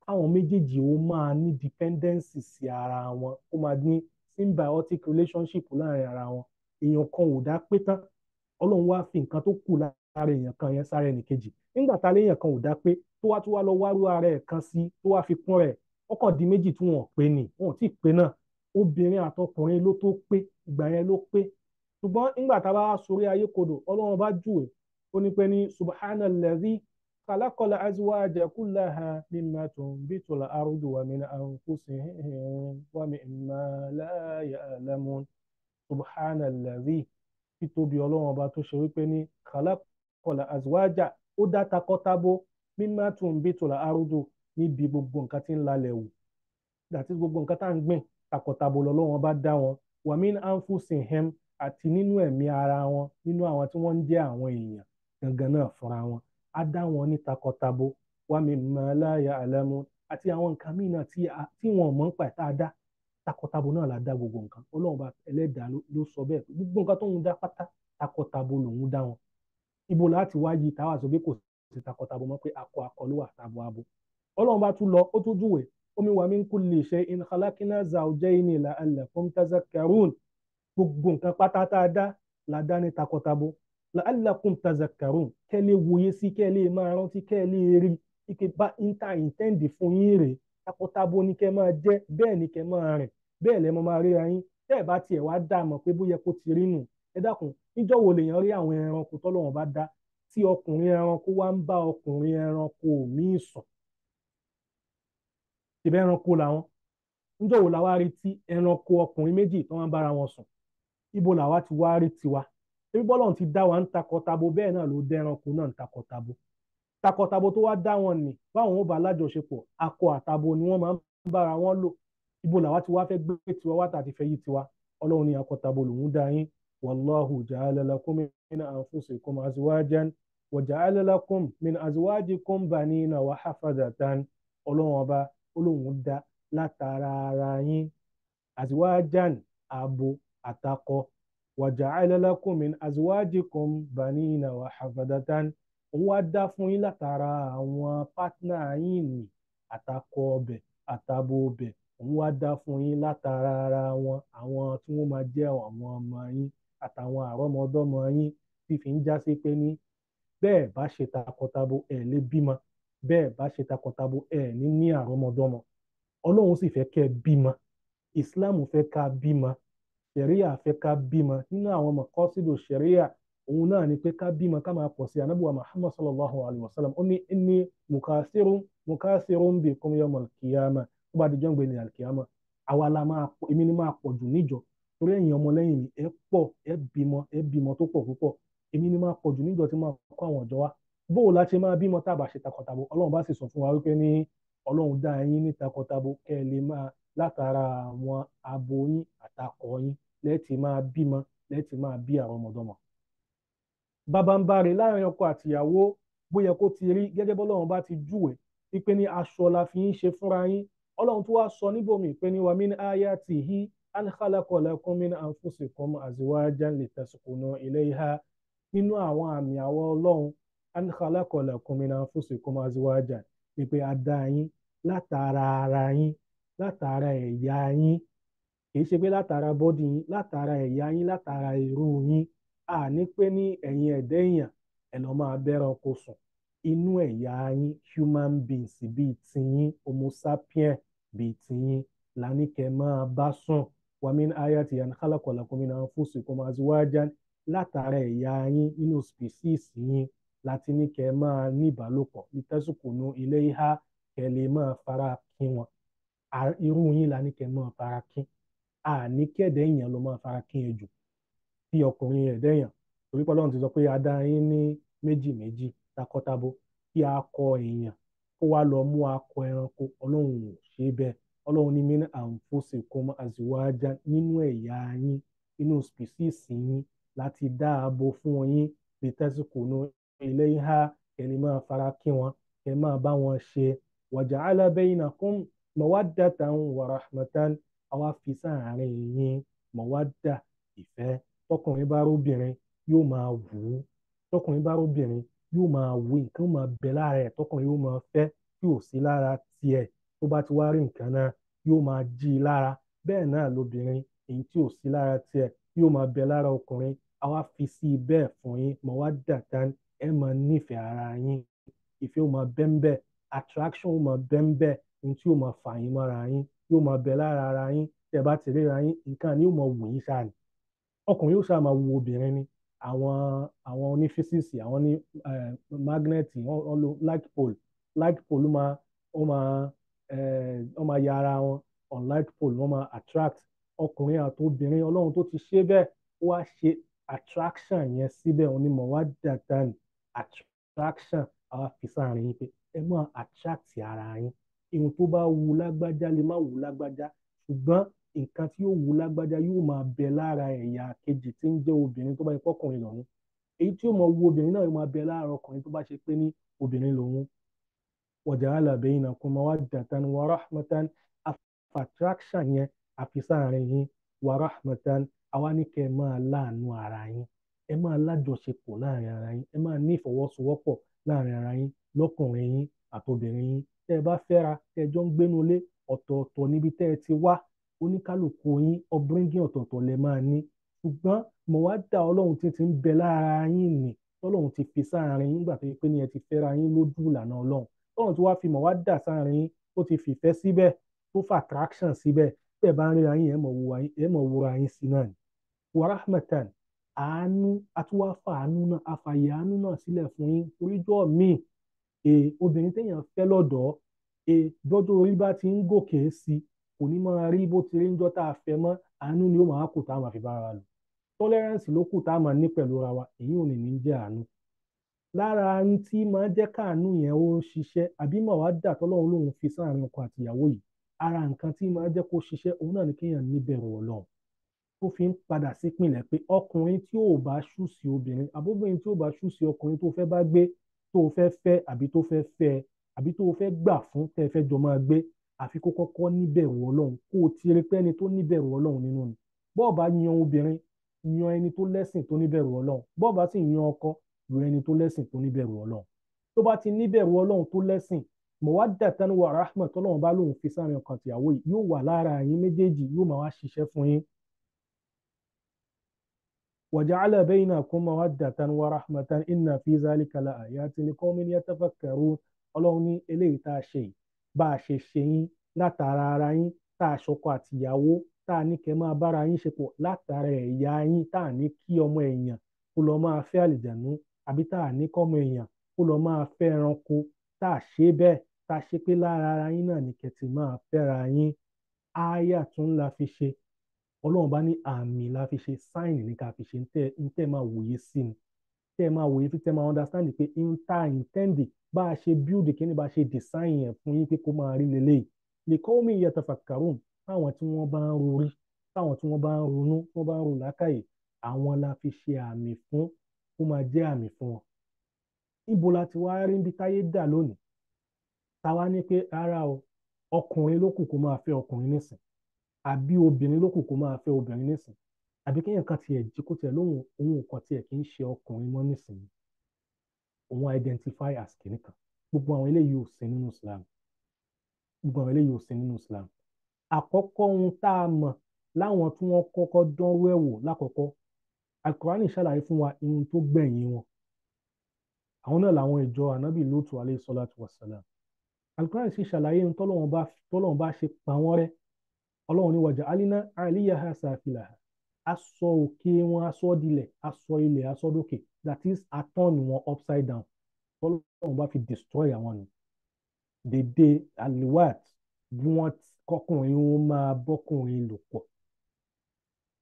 káwọn méjèèjì ó máa ní dependency sí ara wọn ó máa ní symbiotic relationship láàrin ara wọn èèyàn kan ò dá pé tán ọlọ́run wá fi nǹkan tó kù lára èèyàn kan yẹn sára ẹnìkejì nígbà tá léèyàn kan ò dá pé tó wá tó wá lọ wárú ara ẹ̀ kan sí tó wá fi kún rẹ̀ ọkàn di méjì tí wọn ò pé ni wọn ò tí ì pé náà obìnrin àtọkùnrin ló tó pé ìgbà yẹn ló pé ṣùgbọ́n nígbà tá a bá sórí ayé kodò ọlọ́run bá júwe ó ní pé ní subhanalladhi خلق الأزواج كلها مما تنبت الأرض ومن أنفسهم ومما لا يعلمون سبحان الذي في ọlọ́run الله tó ṣe wípé ní kàlákọ̀lá azuwaja ó dá takọ́tábó mímá tún ń bìtòlá arúgbó níbi gbogbo nǹkan tí ń lalẹ̀ wò àti gbogbo nǹkan tá à ń gbìn takọ́tábó lọ́lọ́run ọba dá wọn wàmín anfusihem àti nínú ẹ̀mí ara wọn nínú àwọn tí wọ́n ń jẹ́ àwọn èèyàn gangan náà fúnra wọn á dá wọn ní takọtabo wa mimma la ya'lamun àti àwọn nǹkan míì náà tí wọn mọ̀ ń pa ẹ̀ dá takọtabo náà la dá gbogbo nǹkan ọlọ́run bá ẹlẹ́dàá ló sọ bẹ́ẹ̀ gbogbo nǹkan tó ń dá pátá takọtabo lòún dá wọn ibo láti wá yí táwa sọ pé kò sí takọtabo mọ́ pé akọ akọ ló wà tabo abo ọlọ́run bá tún lọ ó tún júwe omi wà min kulli shay'in khalaqna zawjayni la'allakum tazakkarun gbogbo nǹkan pátá tá a dá la dá ní takọtabo la'allakum tazakkarun kẹ́ lè wòye sí kẹ́ lè máa rántí kẹ́ lè rí ike bá níta ìtẹ́ǹdì fún yín rèé takọtabo ni kẹ́ máa jẹ́ bẹ́ẹ̀ ni kẹ́ máa rìn bẹ́ẹ̀ lẹ́ máa ríra yín tẹ́ ẹ̀ bá tiẹ̀ wá dà mọ̀ pé bóyá kó ti rí nù ẹ dákun níjọ́ wo lèèyàn rí àwọn ẹranko tọ́lọ́run bá dá tí ọkùnrin ẹranko wá ń bá ọkùnrin ẹranko míì sùn ìbẹ́ ẹranko làwọn níjọ́ wo làwa rí tí ẹranko ọkùnrin méjì tó wá bára wọn sùn ibo làwa ti wá rí tiwa ebi bọ́lọ̀ ti dá wa ń takọtabo bẹ́ẹ̀ náà ló dẹranko náà ń takọtabo takọtabo tó wá dá wọn nì báwọn ó bá alájọṣepọ̀ akọ àtabo ni wọ́n máa ń bára wọn lò ibo làwa ti wá fẹ́ gbé tiwa wá tàbí fẹ́ yí tiwa ọlọ́run ni akọtabo lòún dá yín wàláhù ja'ala lakum min anfusikum azwajan wa ja'ala lakum min azwajikum banina wa hafadatan ọlọ́run ọba olóhùn dá látara ara yín azwajan abo àtakọ waja'ala lakum min azwajikum banina wa hafadatan òun wá dá fún yín látara àwọn pátánà yín ni àtakọ ọbẹ̀ àtabo ọbẹ̀ òun wá dá fún yín látara ara wọn àwọn tí wọ́n máa jẹ́ àwọn ọmọ yín àtàwọn àrọ́mọdọ́mọ yín tí ń já pé ní bẹ́ẹ̀ bá ṣe takọtabo ẹ̀ lè bímọ bẹ́ẹ̀ bá ṣe takọtabo ẹ̀ ní ní àrọ́mọdọ́mọ ọlọ́run sì fẹ́ kẹ́ bímọ ìsìláàmù fẹ́ ká bímọ ṣẹ̀ríà fẹ́ ká bímọ nínú àwọn mọ̀kọ́sídò ṣẹ̀ríà òun náà ni pé ká bímọ ká máa pọ̀ sí anábùwà muhammad sallallahu alayhi wa sallam ó ní inni mukasirun mukasirun bikum yawm alkiyama ó bá dijọ́ gbẹ̀yìn alkiyama àwa la máa èmi ni máa pọ̀ jù níjọ torí ẹ̀yin ọmọlẹ́yìn mi ẹ pọ̀ ẹ bímọ ẹ bímọ tó pọ̀ púpọ̀ èmi ni máa pọ̀ jù níjọ tí máa kọ́ àwọn látara àwọn abo yín àtakọ yín lẹ́ẹ̀tì máa bímọ lẹ́ẹ̀tì máa bí àwọn ọmọdọ́mọ. bàbàǹbarì láàrin ọkọ àtìyàwó bóyá kó ti rí gẹ́gẹ́ bọ́lọ́run bá ti júwe wípé ní aṣọ la fi ń ṣe fúnra yín ọlọ́run tó wá sọ níbòmí pé ní wàmí ní aya tì hí an khalaqa lakum min anfusikum azwajan litaskunu ilayha nínú àwọn àmì àwọn ọlọ́run an khalaqa lakum min anfusikum azwajan ni pé a dá yín látara ara yín látara ẹ̀yà yín kìí ṣe pé látara bọ́dì yín látara ẹ̀yà yín látara irú yín a ní pé ní ẹ̀yin ẹ̀dẹ́ èèyàn ẹ̀ lọ́ máa bẹ́ran kó sùn inú ẹ̀yà yín human beings bíi tiyín homo sapiens bíi tiyín la ní kẹ́ máa bá sùn wàmí ayati an khalaqa lakum min anfusikum azwajan látara ẹ̀yà yín nínú species yín láti ní kẹ́ máa ní ìbálòpọ̀ lítẹ́sùkùnú ilé ìhá kẹ́ lè máa fara kí wọn irú yín la ní kẹ́ máa fara kín àní kẹ́ẹ̀dẹ́ èèyàn ló máa fara kín ejò bí ọkùnrin ẹ̀dẹ́ èèyàn torí pé Ọlọ́run ti sọ pé a dá yín ní méjì méjì takọtabo kí akọ èèyàn kó wá lọ mú akọ ẹranko Ọlọ́run ò ṣe bẹ́ẹ̀ Ọlọ́run ní mí àǹfóṣe kó mọ́ àzìwájá nínú ẹ̀yà yín inú spìsíìsì yín láti dáàbò fún yín lè tẹ́sìkò nu ilé ìhà kẹ́ni máa fara wọn kẹ́ máa bá wọn ṣe wàjà alábẹ́yìn náà mawaddatan wa rahmatan àwa fi sáàárín yín mawadda ìfẹ́ tọkùnrin bá róbìnrin yóò máa wù ú tọkùnrin bá róbìnrin yóò máa wù nǹkan máa bẹ lára ẹ̀ tọkùnrin yóò máa fẹ́ tí ò sí lára tiẹ̀ tó bá ti wá rí nǹkan náà yóò máa jí i lára bẹ́ẹ̀ náà lóbìnrin èyí tí ò sí lára tiẹ̀ yóò máa bẹ lára ọkùnrin àwa fi sí i bẹ́ẹ̀ fún yín mawaddatan ẹ máa nífẹ̀ẹ́ ara yín ìfẹ́ ò máa bẹ́ńbẹ́ attraction ò máa bẹ́ńbẹ́ ohun tí yóò máa fà yín mọ́ra yín yóò máa bẹ lára ara yín tẹ́ bá ti ríra yín nǹkan ni yóò máa wù yín sáà ni ọkùnrin yóò sáà máa wo obìnrin ni àwọn àwọn oní àwọn ní eh, mágnẹ́tì wọ́n lo like pole like pole máa wọ́n máa wọ́n eh, máa ya ara wọn on like pole wọ́n máa attract ọkùnrin àti obìnrin ọlọ́run tó ti ṣe bẹ́ẹ̀ wá ṣe attraction yẹn síbẹ̀ òun ni mo wá dàda ni attraction àwa fi sáàrin yín pé ẹ máa attract ara yín ìhun tó bá wu lágbájá lè má wu lágbájá ṣùgbọ́n nǹkan tí yóò wu lágbájá yóò máa bẹ lára ẹ̀yà kejì tí ń jẹ́ obìnrin tó bá yẹ kọ́kùnrin lòun èyí tí yóò máa wu obìnrin náà yóò máa bẹ lára ọkùnrin tó bá ṣe pé ní obìnrin lòun wa ja'ala bainakum mawaddatan wa rahmatan attraction yẹn àfisàárín yín wa rahmatan àwa ní kẹ́ ẹ máa láàánú ara yín ẹ máa lájọṣepọ̀ láàrin ara yín ẹ máa ní ìfọwọ́sowọ́pọ̀ láàrin ara yín lọ́kùnrin yín àtobìnrin yín tẹ́ ẹ bá fẹ́ra tẹ́ ẹ jọ ń gbénu ilé ọ̀tọ̀ọ̀tọ̀ níbi tẹ́ ẹ ti wá oníkálukú yín ọbíríngì ọ̀tọ̀ọ̀tọ̀ lẹ máa ní ṣùgbọ́n mo wá dá ọlọ́run tí ti ń bẹ lára yín nì ọlọ́run ti fi sáàárín yín gbà tó yẹ pé ní ẹ ti fẹ́ra yín lójú ìlànà ọlọ́run ọlọ́run tí wàá fi mọ̀ wá dà sáàárín yín ó ti fìfẹ́ síbẹ̀ tó fà attraction síbẹ̀ bẹ́ẹ̀ bá ń ríra yín ẹ mọ̀ wúra yín sí náà ni. warahmatan àánú àtúwáfà àánú náà àfàyè àánú náà sílẹ̀ fún yín oríjọ́ míì E obìnrin téèyàn fẹ́ lọ́dọ̀ dọ́jọ́ e orí bá ti ń gòkè sí kò ní máa rí bó ti rí ń jọ́ tá mọ́ àánú ni ó máa kù tá fi bára ara lò tolerance ló kù tá ní pẹ̀lú ra wa èyí ò ní ní jẹ́ àánú lára ń tí máa jẹ́ yẹn ó ń ṣiṣẹ́ ọkọ yìí ara nǹkan tí máa jẹ́ kó ṣiṣẹ́ òun náà ni kéèyàn fi ń padà sípìnlẹ̀ pé ọkùnrin tí ò bá obìnrin tí ò bá ọkùnrin tó fẹ́ tó o fẹ́ fẹ́ àbí tó o fẹ́ fẹ́ àbí tó o fẹ́ gbà fún tẹ́ ẹ fẹ́ jọ máa gbé àfi kó kọ́kọ́ níbẹ̀rù ọlọ́run kó o ti rí pẹ́ni tó níbẹ̀rù ọlọ́run nínú ni bọ́ọ̀ bá yan obìnrin yan ẹni tó lẹ́sìn tó níbẹ̀rù ọlọ́run bọ́ọ̀ bá sì yan ọkọ yan ẹni tó lẹ́sìn tó níbẹ̀rù ọlọ́run tó bá ti níbẹ̀rù ọlọ́run tó lẹ́sìn mawaddatan wa rahma tọ́lọ́run bá lóun fi sáàrin ọkàn tìyàwó yìí yóò wà lára yín méjèèjì yóò máa wá ṣiṣẹ́ fún yín وجعل بينكم مودة ورحمة إن في ذلك لآيات لقوم يتفكرون ọlọ́run ní eléyìí tá a ṣe yìí bá a ṣe ṣe yín látara ara yín tá a ṣọkọ àtìyàwó tá a ní kẹ́ máa bára yín ṣe látara ẹ̀yà yín tá a ní kí ọmọ èèyàn kó lọ máa fẹ́ àlìjànú àbí tá a ní kọ́mọ èèyàn kó lọ máa fẹ́ ẹranko tá a ṣe bẹ́ẹ̀ tá a ṣe pé lára ara yín náà ní kẹ́ máa fẹ́ra yín ááyà tún la fi ṣe ọlọ́run bá ní àmì la fi ṣe sáìnì ní ká fi ṣe ń tẹ́ máa wòye sí ni tẹ́ máa wòye sí tẹ́ máa understand pé ń ta ìtẹ́ǹdì bá a ṣe build kíní bá a ṣe design yẹn fún yín pé kó máa rí lélẹ́yìí lè kọ́ mi ìyẹn tafakkarun táwọn tí wọ́n bá ń rorí táwọn tí wọ́n bá ń ronú tí wọ́n bá ń ro làákàyè àwọn la fi ṣe àmì fún kó máa jẹ́ àmì fún wọn. níbo la ti wá rí bí táyé dà lónìí táwa ní pé rárá o ọkùnrin ló kù kó máa fẹ́ ọkùnrin nísìn àbí obìnrin ló kù kó máa fẹ́ obìnrin nísìn àbí kéèyàn kan tiẹ̀ jí kó tiẹ̀ lóhùn ohun kan tiẹ̀ kì í ṣe ọkùnrin mọ́ nísìn òun identify as kìíní kan gbogbo àwọn eléyìí ò sí nínú Islam gbogbo àwọn eléyìí ò sí nínú Islam àkọ́kọ́ ohun tá a mọ̀ láwọn tí wọ́n kọ́kọ́ dánwó ẹ̀ wò alukurani ṣàlàyé fún wa ohun tó gbẹ̀yìn wọn àwọn náà làwọn ìjọ anabi lótú alayhi salatu wassalam alukurani sì ṣàlàyé ohun tọ́lọ́wọ́n bá ṣe pa wọ́n rẹ́ ọlọ́run ní wàjà alina aliyaha safilaha aṣọ òkè wọn aṣọ dilẹ̀ aṣọ ilẹ̀ aṣọ dókè that is atọ́nù wọn upside down ọlọ́run bá fi destroy àwọn nù dédé aliwat bí wọ́n kọkùnrin wọn máa bọ́kùnrin lò pọ̀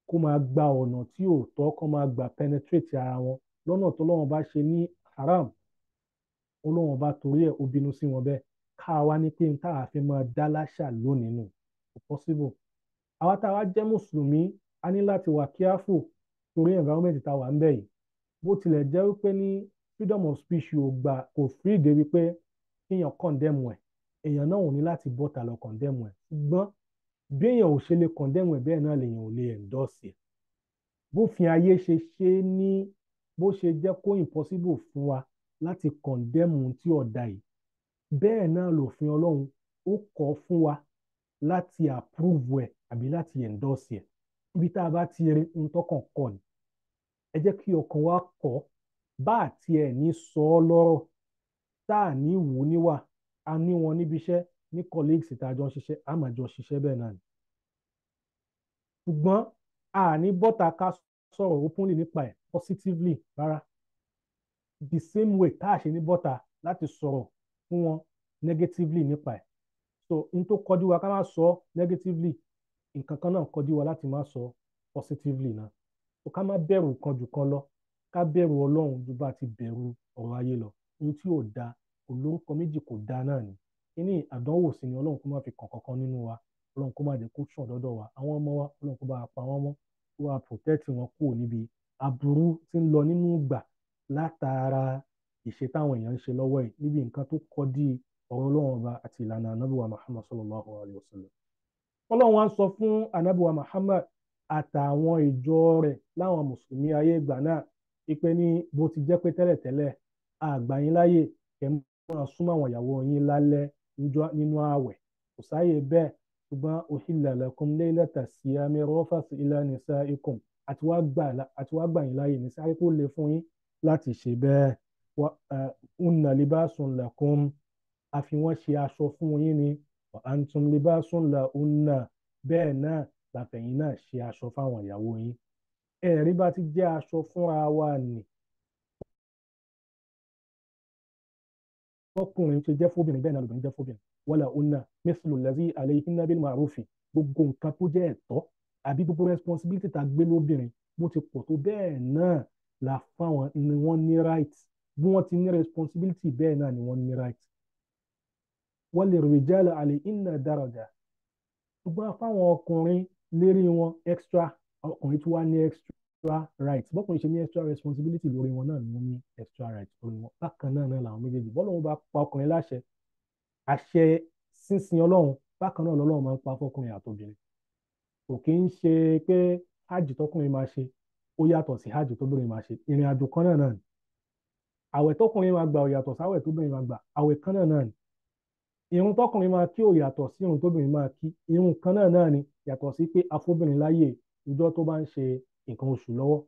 kó máa gba ọ̀nà tí ò tọ́ kó máa gba penetrate ara wọn lọ́nà tó lọ́wọ́n bá ṣe ní haram ọlọ́wọ́n bá torí ẹ̀ ó bínú sí wọn bẹ́ẹ̀ ká ní pé n táà fi máa dá láṣà lónìí nù kò possible àwa tá a wá jẹ́ mùsùlùmí a ní láti wà kíáfù torí environment tá a wà ń bẹ̀ yìí bó tilẹ̀ jẹ́ wípé ní freedom of speech ò gbà kò free de wípé kéèyàn condemn ẹ̀ èèyàn náà ò ní láti bọ́ta lọ condemn ẹ̀ ṣùgbọ́n bí èèyàn ò ṣe lè condemn ẹ̀ bẹ́ẹ̀ náà lèèyàn ò lè endorse ẹ̀ bófin ayé ṣe ṣe ní bó ṣe jẹ́ kó impossible fún wa láti condemn tí ọ̀dà yìí bẹ́ẹ̀ náà lòfin ọlọ́run ó kọ́ fún wa láti àpúrúvù ẹ̀ àbí láti ẹ̀ndọ́sì ẹ̀ ibi tá a bá ti rí ń tọkàn kọ ni ẹ jẹ́ kí ọkàn wa kọ́ bá a tiẹ̀ ní sọ ọ́ lọ́rọ̀ tá a ní wò ó níwà a ní wọn níbi iṣẹ́ ní colleagues tá a jọ ṣiṣẹ́ a máa jọ ṣiṣẹ́ bẹ́ẹ̀ náà ni ṣùgbọ́n a ní bọ́ta ká sọ̀rọ̀ openly nípa ẹ̀ positively rárá the same way tá a ṣe ní bọ́ta láti sọ̀rọ̀ fún wọn negatively nípa ẹ̀ so n tó kọjú wa ká má sọ negatively nǹkan kan náà kọjú wa láti má sọ positively náà so ká má bẹ̀rù kan jù kan lọ ká bẹ̀rù ọlọ́run ju bá ti bẹ̀rù ọ̀rọ̀ ayé lọ ohun tí ò da olórúkọ méjì kò da náà ni kíní àdánwò sí ni ọlọ́run kó má fi kàn kankan nínú wa ọlọ́run kó má jẹ́ kó sàn dọ́dọ̀ wa àwọn ọmọ wa ọlọ́run kó bá a pa wọ́n mọ́ kó wa protect wọn kúrò níbi aburú tí ń lọ nínú ìgbà látara ìṣe táwọn èèyàn ń ṣe lọ́wọ́ yìí níbi nǹkan tó kọ́ dí ọ̀rọ̀ ọlọ́run ọba àti ìlànà anábìwá muhammad sallallahu alayhi wa sallam ọlọ́run wa ń sọ fún anábìwá muhammad àtàwọn ìjọ rẹ̀ láwọn mùsùlùmí ayé ìgbà náà ipe ní bó ti jẹ́ pé tẹ́lẹ̀tẹ́lẹ̀ àgbà yín láyè kẹ́ máa súnmọ́ àwọn ìyàwó yín lálẹ́ nínú ààwẹ̀ kò sáyè bẹ́ẹ̀ ṣùgbọ́n uhilla lakum laylata siyami rọ́fàsì ila nisaikum àti wá gbà yín láyè ní sáré lè fún yín láti ṣe bẹ́ẹ̀ eh, unna libasun lakum a fi wọ́n ṣe aṣọ fún yín ni antum libasun lahunna bẹ́ẹ̀ náà làfẹ̀yìn náà ṣe aṣọ fáwọn ìyàwó yín ẹ̀rí bá ti jẹ́ aṣọ fúnra wa nì ọkùnrin ṣe jẹ́ fóbìnrin bẹ́ẹ̀ náà lóbìnrin jẹ́ fóbìnrin wala unna mislu allazi alayhinna bil ma'rufi gbogbo nǹkan tó jẹ́ ẹ̀tọ́ àbí gbogbo responsibility tá a gbé lóbìnrin bó ti pọ̀ tó bẹ́ẹ̀ náà là fáwọn ni wọ́n ní right bí wọ́n ti ní responsibility bẹ́ẹ̀ náà ni wọ́n ní right walirrijali alayhinna daraja ṣùgbọ́n fáwọn ọkùnrin lérí wọn extra ọkùnrin tí wàá ní extra right bọ́kùnrin ṣe ní extra responsibility lórí wọn náà ni wọ́n ní extra right lórí wọn bákan náà náà làwọn méjèèjì bọ́lọ́run bá pa ọkùnrin láṣẹ àṣẹ sísìn ọlọ́run bákan náà lọ́lọ́run máa ń pa fọkùnrin àtobìnrin kò kí ń ṣe pé hajj tọkùnrin máa ṣe ó yàtọ̀ sí hajj tóbìnrin máa ṣe ìrìn àjò kan náà náà ni àwẹ̀ tọkùnrin máa gbà ó yàtọ̀ sáwẹ̀ tóbìnrin máa gbà àwẹ̀ kan náà náà ni irun tọkùnrin máa kí ò yàtọ̀ sí irun tóbìnrin máa kí irun kan náà náà ni yàtọ̀ sí pé afóbìnrin láyè ìjọ tó bá ń ṣe nǹkan oṣù lọ́wọ́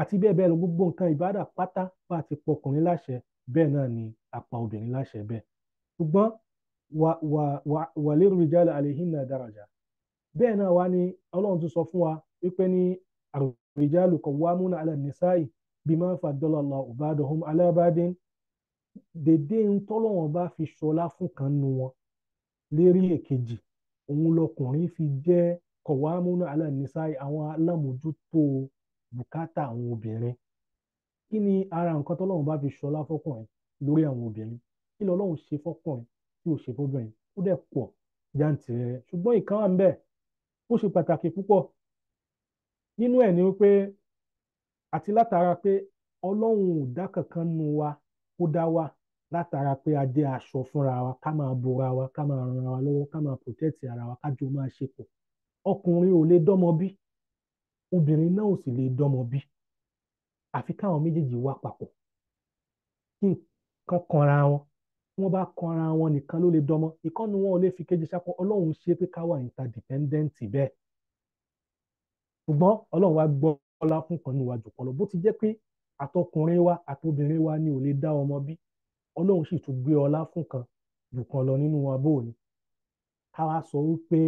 àti bẹ́ẹ̀ bẹ́ẹ̀ lọ gbogbo nǹkan ìbádà pátá bá ti pọkùnrin láṣẹ bẹ́ẹ̀ náà ni apá obìnrin láṣẹ bẹ́ẹ̀ ṣùgbọ́n wà wà wà wà lérò ìjálẹ àlehínà daraja bẹ́ẹ̀ náà wá ní Ọlọ́run tún sọ fún wa wípé ní àrùn ìjálù kọ wá múna alẹ nìsáì bímọ fàdọlọlọ ọbàdàn ọhún alábàádín dédé ń tọ́lọ́wọ́n bá fi ṣọlá fún kan nu wọn lérí èkejì òun lọkùnrin fi jẹ́ kọ̀wámúnú aláìníṣá àwọn alámòjútó bùkátà àwọn obìnrin kí ni ara nǹkan tọ́lọ́wọ́n bá fi ṣọlá fọkùnrin lórí àwọn obìnrin kí lọ́lọ́run ṣe fọkùnrin tí ò ṣe fọbìnrin ó dẹ̀ pọ̀ jàǹtìrẹrẹ ṣùgbọ́n ìkan wà ń bẹ ó ṣe pàtàkì púpọ̀ nínú ẹ̀ ni wípé àti látara pé ọlọ́run ò dá kankan nu wa kó dá wà látara pé a dé aṣọ fúnra wa ká máa bora wa ká máa ran ara wa lọ́wọ́ ká máa protect ara wa ká jọ máa ṣe pọ̀ ọkùnrin ò lè dọ́mọ bí obìnrin náà ò sì lè dọ́mọ bí àfi káwọn méjèèjì wà papọ̀ kí nǹkan kanra wọn tí wọ́n bá kanra wọn nìkan ló lè dọ́mọ ìkànnì wọn ò lè fi kejì sápọ̀ ọlọ́run ṣe pé ká wà interdependent bẹ́ẹ̀ ṣùgbọ́n ọlọ́run wa gbọ́ ọlá fún kan níwájú kan bó ti jẹ́ pé àtọkùnrin wa àtobìnrin wa ni ò lè dá ọmọ bí ọlọ́run sì tún gbé ọlá fún kan dùkan lọ nínú wọn bó ni ká wá sọ wípé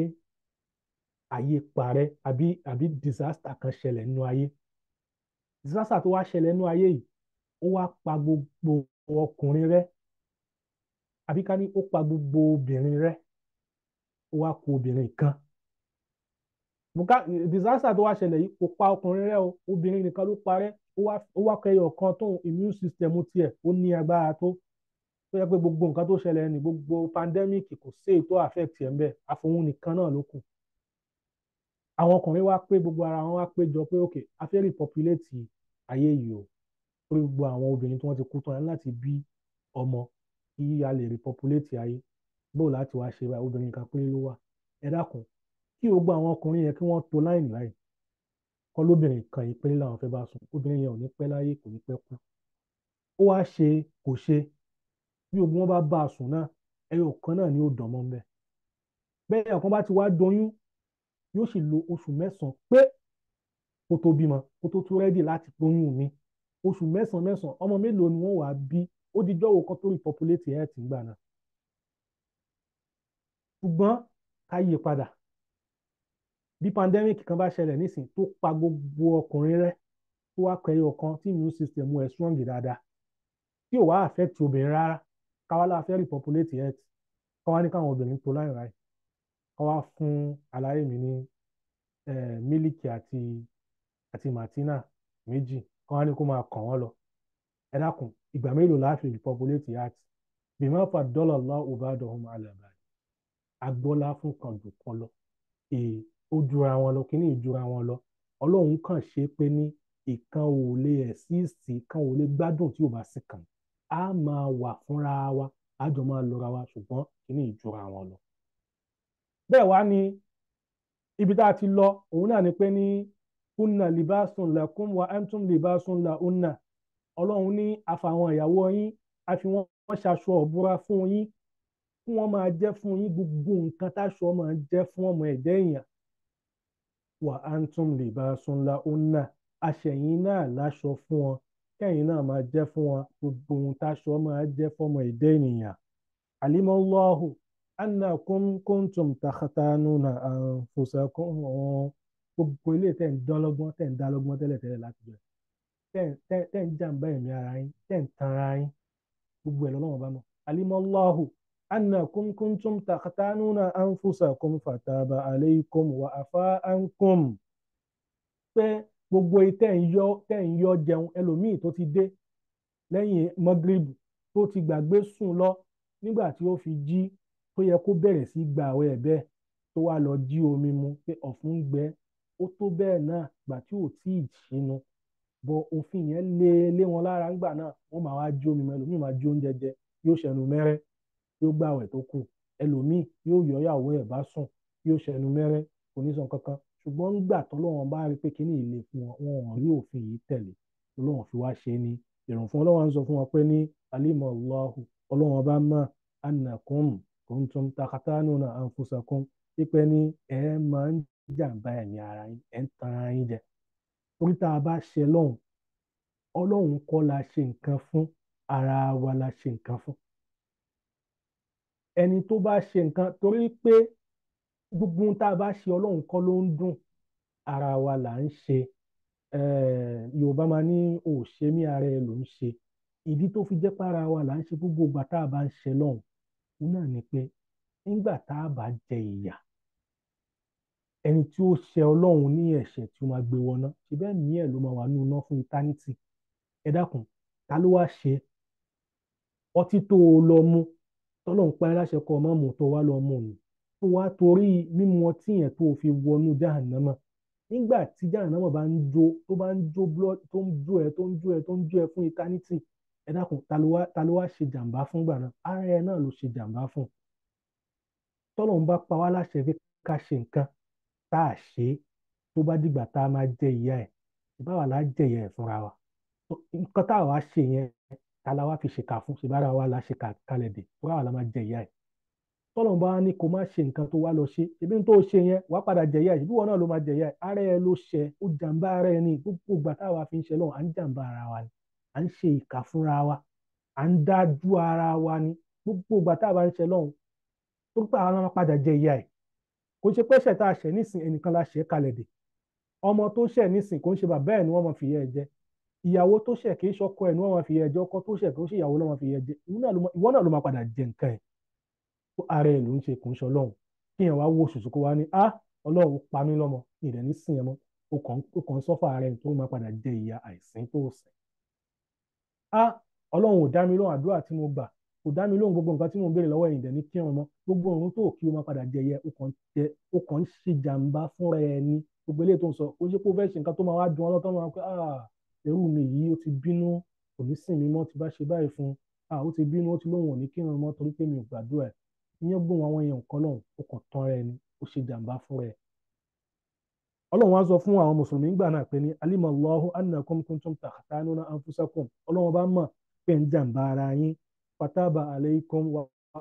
ayé parẹ́ àbí àbí disaster kan ṣẹlẹ̀ nínú ayé disaster tó wá ṣẹlẹ̀ nínú ayé yìí ó wá pa gbogbo ọkùnrin rẹ́ àbí ká ní ó pa gbogbo obìnrin rẹ́ ó wá kù obìnrin kan disaster tó wá ṣẹlẹ̀ yìí kò pa ọkùnrin rẹ́ o obìnrin nìkan ló parẹ́ ó wá kẹyọ kan tó immune system tiẹ̀ ó ní agbára tó tó yẹ pé gbogbo nǹkan tó ṣẹlẹ̀ ní gbogbo pandemic kò sí èyí tó affect ẹ̀ ń bẹ̀ àfohùn nìkan náà ló kù àwọn ọkùnrin wá pé gbogbo ara wọn wá pé jọ pé ok a fẹ́ repopulate ayé yìí o torí gbogbo àwọn obìnrin tí wọ́n ti kú tán láti bí ọmọ kí a lè repopulate ayé bóò láti wá ṣe obìnrin kan péré ló wà ẹ dákun kí gbogbo àwọn ọkùnrin yẹn kí wọ́n to láìní láì kọ́ lóbìnrin kan yìí péré làwọn fẹ́ bá sùn obìnrin yẹn ò ní pẹ́ láyé kò ní pẹ́ kú ó wá ṣe kò ṣe bí ogun wọn bá bá a sùn náà ẹyọ kan náà ni ó dàn mọ́ mbẹ́ bẹ́ẹ̀ ọ̀kan bá ti wá doyún yóò sì lo oṣù mẹ́sàn-án pé kó tó bímọ kó tó tún rẹ́dì láti doyún mi oṣù mẹ́sàn-án ọmọ mélòó ni wọ́n wàá bí ó di jọ́wọ́ kan tó repopulate earth ńgbà náà ṣùgbọ́n ká yí padà bí pandemic kan bá ṣẹlẹ̀ nísìn tó pa gbogbo ọkùnrin rẹ tó wá kẹyọ ọ̀kan tí immune system ẹ̀ strong dáadáa tí ò wá affect obìnrin rárá káwá la fẹ́ repopulate earth káwá ní káwọn obìnrin tó láyìn ráì káwá fún aláyè mi ní mílìkì àti àti màtínà méjì káwá ní kó máa kàn wọ́n lọ ẹ dákun ìgbà mélòó la fi repopulate earth bìmọ̀ fà dọ́là lọ́wọ́ bá dọ̀hún àlàbà àgbọ́lá fún kan lọ ó jura wọn lọ kíní ìjura wọn lọ ọlọ́run kàn ṣe pé ní ìkan ò lè ẹ̀síìsì ìkan ò lè gbádùn tí ò bá sí kan á máa wà fúnra wa á jọ máa lọ́ra wa ṣùgbọ́n kíní ìjura wọn lọ. bẹ́ẹ̀ wá ni ibi tá a ti lọ òun náà ni pé ní kunna libasun lakum wa antum libasun lahunna ọlọ́run ní àfàwọn ìyàwó yín àfi wọ́n ṣaṣọ ọ̀búra fún yín kí wọ́n máa jẹ́ fún yín gbogbo nǹkan táṣọ máa jẹ́ fún ọmọ ẹ̀dẹ́ èèyàn wà á ń tún lè bá a sún la ó nà àṣẹyìn náà láṣọ fún wọn kẹyìn náà máa jẹ́ fún wọn gbogbo ohun táṣọ máa jẹ́ fọmọ ẹ̀dá ènìyàn alimallahu annakum kuntum takhtanuna anfusakum gbogbo ilé tẹ̀ ń dánlọ́gbọ́n tẹ̀ ń dálọ́gbọ́n tẹ́lẹ̀tẹ́lẹ̀ láti bẹ̀rẹ̀ tẹ̀ ń jàǹbá ẹ̀mí ara yín tẹ̀ ń tan ara yín gbogbo ẹ̀ lọ́lọ́wọ́n bá mọ̀ alimallahu أنكم كنتم تختانون أنفسكم فتاب عليكم وعفى عنكم pé gbogbo tẹ́ ń yọ tẹ́ ń yọ jẹun ẹlòmíì tó ti dé lẹ́yìn mọ́gírìbù tó ti gbàgbé sùn lọ nígbà tí ó fi jí tó yẹ kó bẹ̀rẹ̀ sí gba àwẹ̀ ẹ̀bẹ̀ tó wá lọ jí omi mu pé ọ̀fun ń gbẹ ó tó bẹ́ẹ̀ náà gbà tí ò tí ì bọ òfin yẹn lé lé wọn lára ńgbà náà wọ́n máa wá jí omi mu ẹlòmíì máa jí oúnjẹ jẹ yóò ṣẹnu mẹ́rẹ́ yóò gbààwẹ̀ tó kù ẹlòmíì yóò yọ ìyàwó ẹ̀ bá sùn yóò ṣẹnu mẹ́rẹ́ kò ní san kankan ṣùgbọ́n ńgbà tọ́lọ́wọ́n bá rí pé kíní ìlè fún wọn wọn ò rí òfin yìí tẹ̀lé ọlọ́run fi wá ṣe ni ìrùn fún ọlọ́run sọ fún wọn pé ní alima allahu ọlọ́run ọba mọ̀ anakum kuntum takatanuna anfusakum pípẹ́ ní ẹ máa ń jàǹbá ẹ̀mí ara yín ẹ̀ ń tan ara yín jẹ torí a bá ṣe lọ́hùn ọlọ́run kọ́ la ṣe nǹkan fún ara wa la ṣe nǹkan fún ẹni tó bá ṣe nǹkan torí pé gbogbo ohun tá a bá ṣe ọlọ́run kọ́ ló ń dùn ara wa là ń ṣe yorùbá máa ní òṣè mí ara ẹ ló ń ṣe ìdí tó fi jẹ́ para wa là ń ṣe gbogbo ìgbà tá a bá ń ṣe lọ́hùn òun náà ni pé nígbà tá a bá jẹ ìyà ẹni tí ó ṣe ọlọ́run ní ẹ̀ṣẹ̀ tí ó máa gbé wọná ṣe bẹ́ẹ̀ mí ẹ̀ ló máa wà ní iná fún eternity ẹ dákun ta ló wá ṣe ọtí tó o lọ mú tọ́lọ́run pa ẹ́ láṣẹ kọ́ ọmọ mú tó wá lọ mú ni tó wá torí mímu ọtí yẹn tó fi wọnú jahannama nígbà tí jahannama bá ń jó tó bá ń jó blood tó ń jó ẹ tó ń jó ẹ tó ń jó ẹ fún eternity ẹ dákun ta ló wá ṣe jàǹbá fún gbà náà ara ẹ náà ló ṣe jàǹbá fún tọ́lọ́run bá pa wá láṣẹ pé ká ṣe nǹkan tá a ṣe tó bá dìgbà tá a máa jẹ ìyá ẹ̀ ìbáwá là jẹ ìyá ẹ̀ fúnra wa nǹkan tá a wá ṣe yẹn ta la fi ṣèkà fún ṣe bára wa la ṣèkà kalẹ̀ dè fúra wa la máa jẹ ìyá ẹ̀ tọ́lọ́n bá ní kó má ṣe nǹkan tó wá lọ ṣe ebi tó ṣe yẹn wàá padà jẹ ìyá ẹ̀ ṣùgbọ́n wọn náà ló máa jẹ ìyá ẹ̀ ara ẹ ló ṣẹ ó jàǹbá ara ẹ ní gbogbo ìgbà táwa fi ń ṣe lọ́wọ́ à ń jàǹbá ara wa ni à ń ṣe ìkà fúnra wa à ń dájú ara wa ni gbogbo ìgbà táwa ń ṣe lọ́wọ́ tó ń pa àwọn ọmọ padà jẹ ìyá ẹ̀ kò ṣe pẹ́ṣẹ̀ tá a ṣẹ̀ nísìn ẹnìkan la ṣẹ̀ kalẹ̀ dè ọmọ tó ṣẹ̀ nísìn kò ń ṣe bàbá ẹ̀ ni wọ́n mọ̀ fìyà ẹ̀ jẹ ìyàwó tó ṣẹ̀ kì í ṣọkọ ẹ̀ ní wọ́n máa fi ẹjọ́ ọkọ tó ṣẹ̀ kì í ṣe ìyàwó náà máa fi ẹjẹ́ ìwọ náà ló máa padà jẹ nǹkan ẹ̀ tó ara ẹ̀ ló ń ṣe kò ń ṣe ọlọ́run kí èèyàn wá wò ṣùṣù kó wá ní á ah, ọlọ́run pa mí lọ́mọ ìrẹ̀ ní sìn ẹ mọ́ ó kàn ń sọ́fà ara ẹ̀ tó máa padà jẹ ìyà àìsín tó sìn. á ah, ọlọ́run ò dá mi lóhùn àdúrà tí mo gbà kò dá mi lóhùn gbogbo nǹkan tí mo ń béèrè lọ́wọ́ ẹ̀yìn dẹ̀ni kí ọmọ gbogbo òun tó kí o máa padà jẹ yẹ o kàn ń ṣe jàǹbá fúnra ẹni gbogbo eléyìí tó ń sọ ó ṣe kó fẹ́ ah ẹrú mi yìí ó ti bínú kò ní sìn mí mọ́ ti bá ṣe báyìí fún a ó ti bínú ó ti lóun ò ní kírun mọ́ torí pé mi ò gbàdúrà ẹ̀ ìyẹn gbóhùn àwọn èèyàn kan lọ́hùn ó kàn tán rẹ ni ó ṣe jàǹbá fún rẹ. ọlọ́run sọ fún àwọn mùsùlùmí gbà náà pé ní alimallahu annakum kuntum takhtanuna anfusakum ọlọ́run bá mọ̀ pé ń jàǹbá ara yín aleikum wa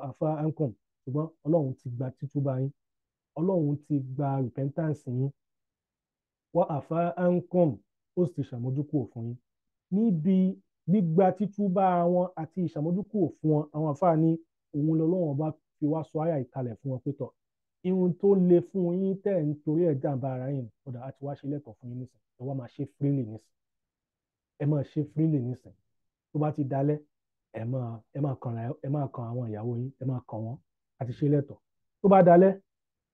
afa ankum ṣùgbọ́n ọlọ́run ti ó sì ṣàmójúkúrò fún yín níbi gbígba títúbà wọn àti ìṣàmójúkúrò fún wọn àwọn àfáà ní òun lọ́lọ́run ọba fi wá sọ àyà ìkalẹ̀ fún wọn pé irun tó le fún yín tẹ̀ ń torí ẹ̀ jàǹbá ara yín ọ̀dà àti wá ṣe lẹ́tọ̀ọ́ fún yín nísìn ẹ wá máa ṣe freely nísìn ẹ máa ṣe freely nísìn tó bá ti dalẹ̀ ẹ máa ẹ máa kàn ẹ máa kàn àwọn ìyàwó yín ẹ máa kàn wọ́n àti ṣe lẹ́tọ̀ọ́ tó bá dalẹ̀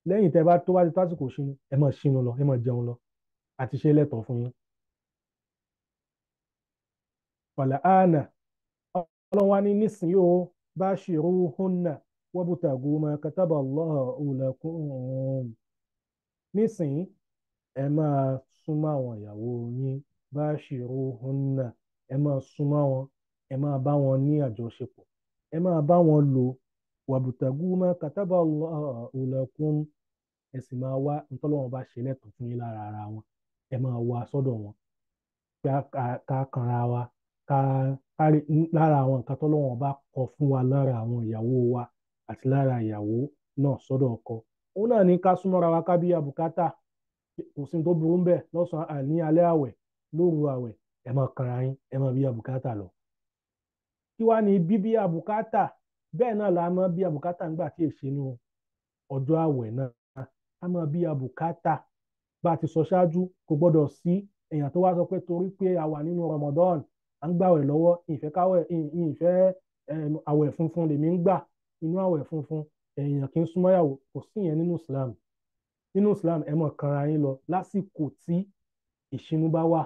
lẹ́yìn tẹ́ bá tó bá ti tásìkò ṣe ẹ máa ṣínú lọ ẹ máa jẹun lọ àti ṣe lẹ́tọ̀ọ́ fún yín fala'ana ọlọ́run wa ní nísìnyí o bashiruhunna wabtagu ma kataballahu lakum nísìnyí ẹ máa súnmọ́ àwọn ìyàwó yín bashiruhunna ẹ máa súnmọ́ wọn ẹ máa bá wọn ní àjọṣepọ̀ ẹ máa bá wọn lò wabtagu ẹ sì máa wá wọn bá ṣe lẹ́tọ̀ọ́ fún yín lára ara wọn ẹ máa wá sọ́dọ̀ wọn ká lára àwọn nǹkan tọ́lọ́wọ́n bá kọ fún wa lára àwọn ìyàwó wa àti lára ìyàwó náà sọ́dọ̀ ọkọ òun náà ní ká súnmọ́ra wa ká bí abùkátà kò sí tó burú bẹ́ẹ̀ lọ́sàn-án àní alẹ́ àwẹ̀ lóru àwẹ̀ ẹ máa kanra yín ẹ máa bí abùkátà lọ. kí wàá ní bíbí abùkátà bẹ́ẹ̀ náà la máa bí abùkátà nígbà tí èsì inú ọjọ́ àwẹ̀ náà a máa bí abùkátà bá a ti sọ ṣáájú kò gbọ́dọ̀ sí èèyàn tó wá sọ pé torí pé a wà nínú Ramadan à ń gbàwẹ̀ lọ́wọ́ ìfẹ́ káwẹ̀ ìfẹ́ àwẹ̀ funfun lèmi ń gbà inú àwẹ̀ funfun èèyàn kì í súnmọ́yàwó kò sí yẹn nínú Islam nínú Islam ẹ mọ̀ kanra yín lọ lásìkò tí ìṣinú bá wà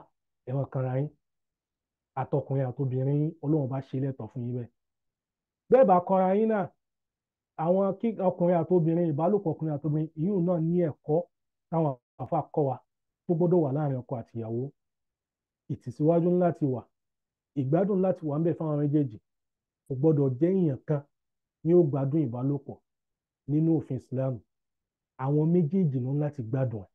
ẹ mọ̀ kanra yín àtọkùnrin àtobìnrin yín Ọlọ́run bá ṣe lẹ́tọ̀ fún yín bẹ́ẹ̀ bẹ́ẹ̀ bá kanra yín náà àwọn ọkùnrin àtobìnrin ìbálòpọ̀ ọkùnrin àtobìnrin ìyún náà ní ẹ̀kọ́ táwọn àfa kọ́ wa tó gbọ́dọ̀ wà láàrin ọkọ àtìyàwó ìtìsíwájú ńlá ti wà ìgbádùn láti wà ń bẹ fáwọn méjèèjì kò gbọ́dọ̀ jẹ́ èèyàn kan ni ó gbádùn ìbálòpọ̀ nínú òfin Islam àwọn méjèèjì ló ń láti gbádùn ẹ̀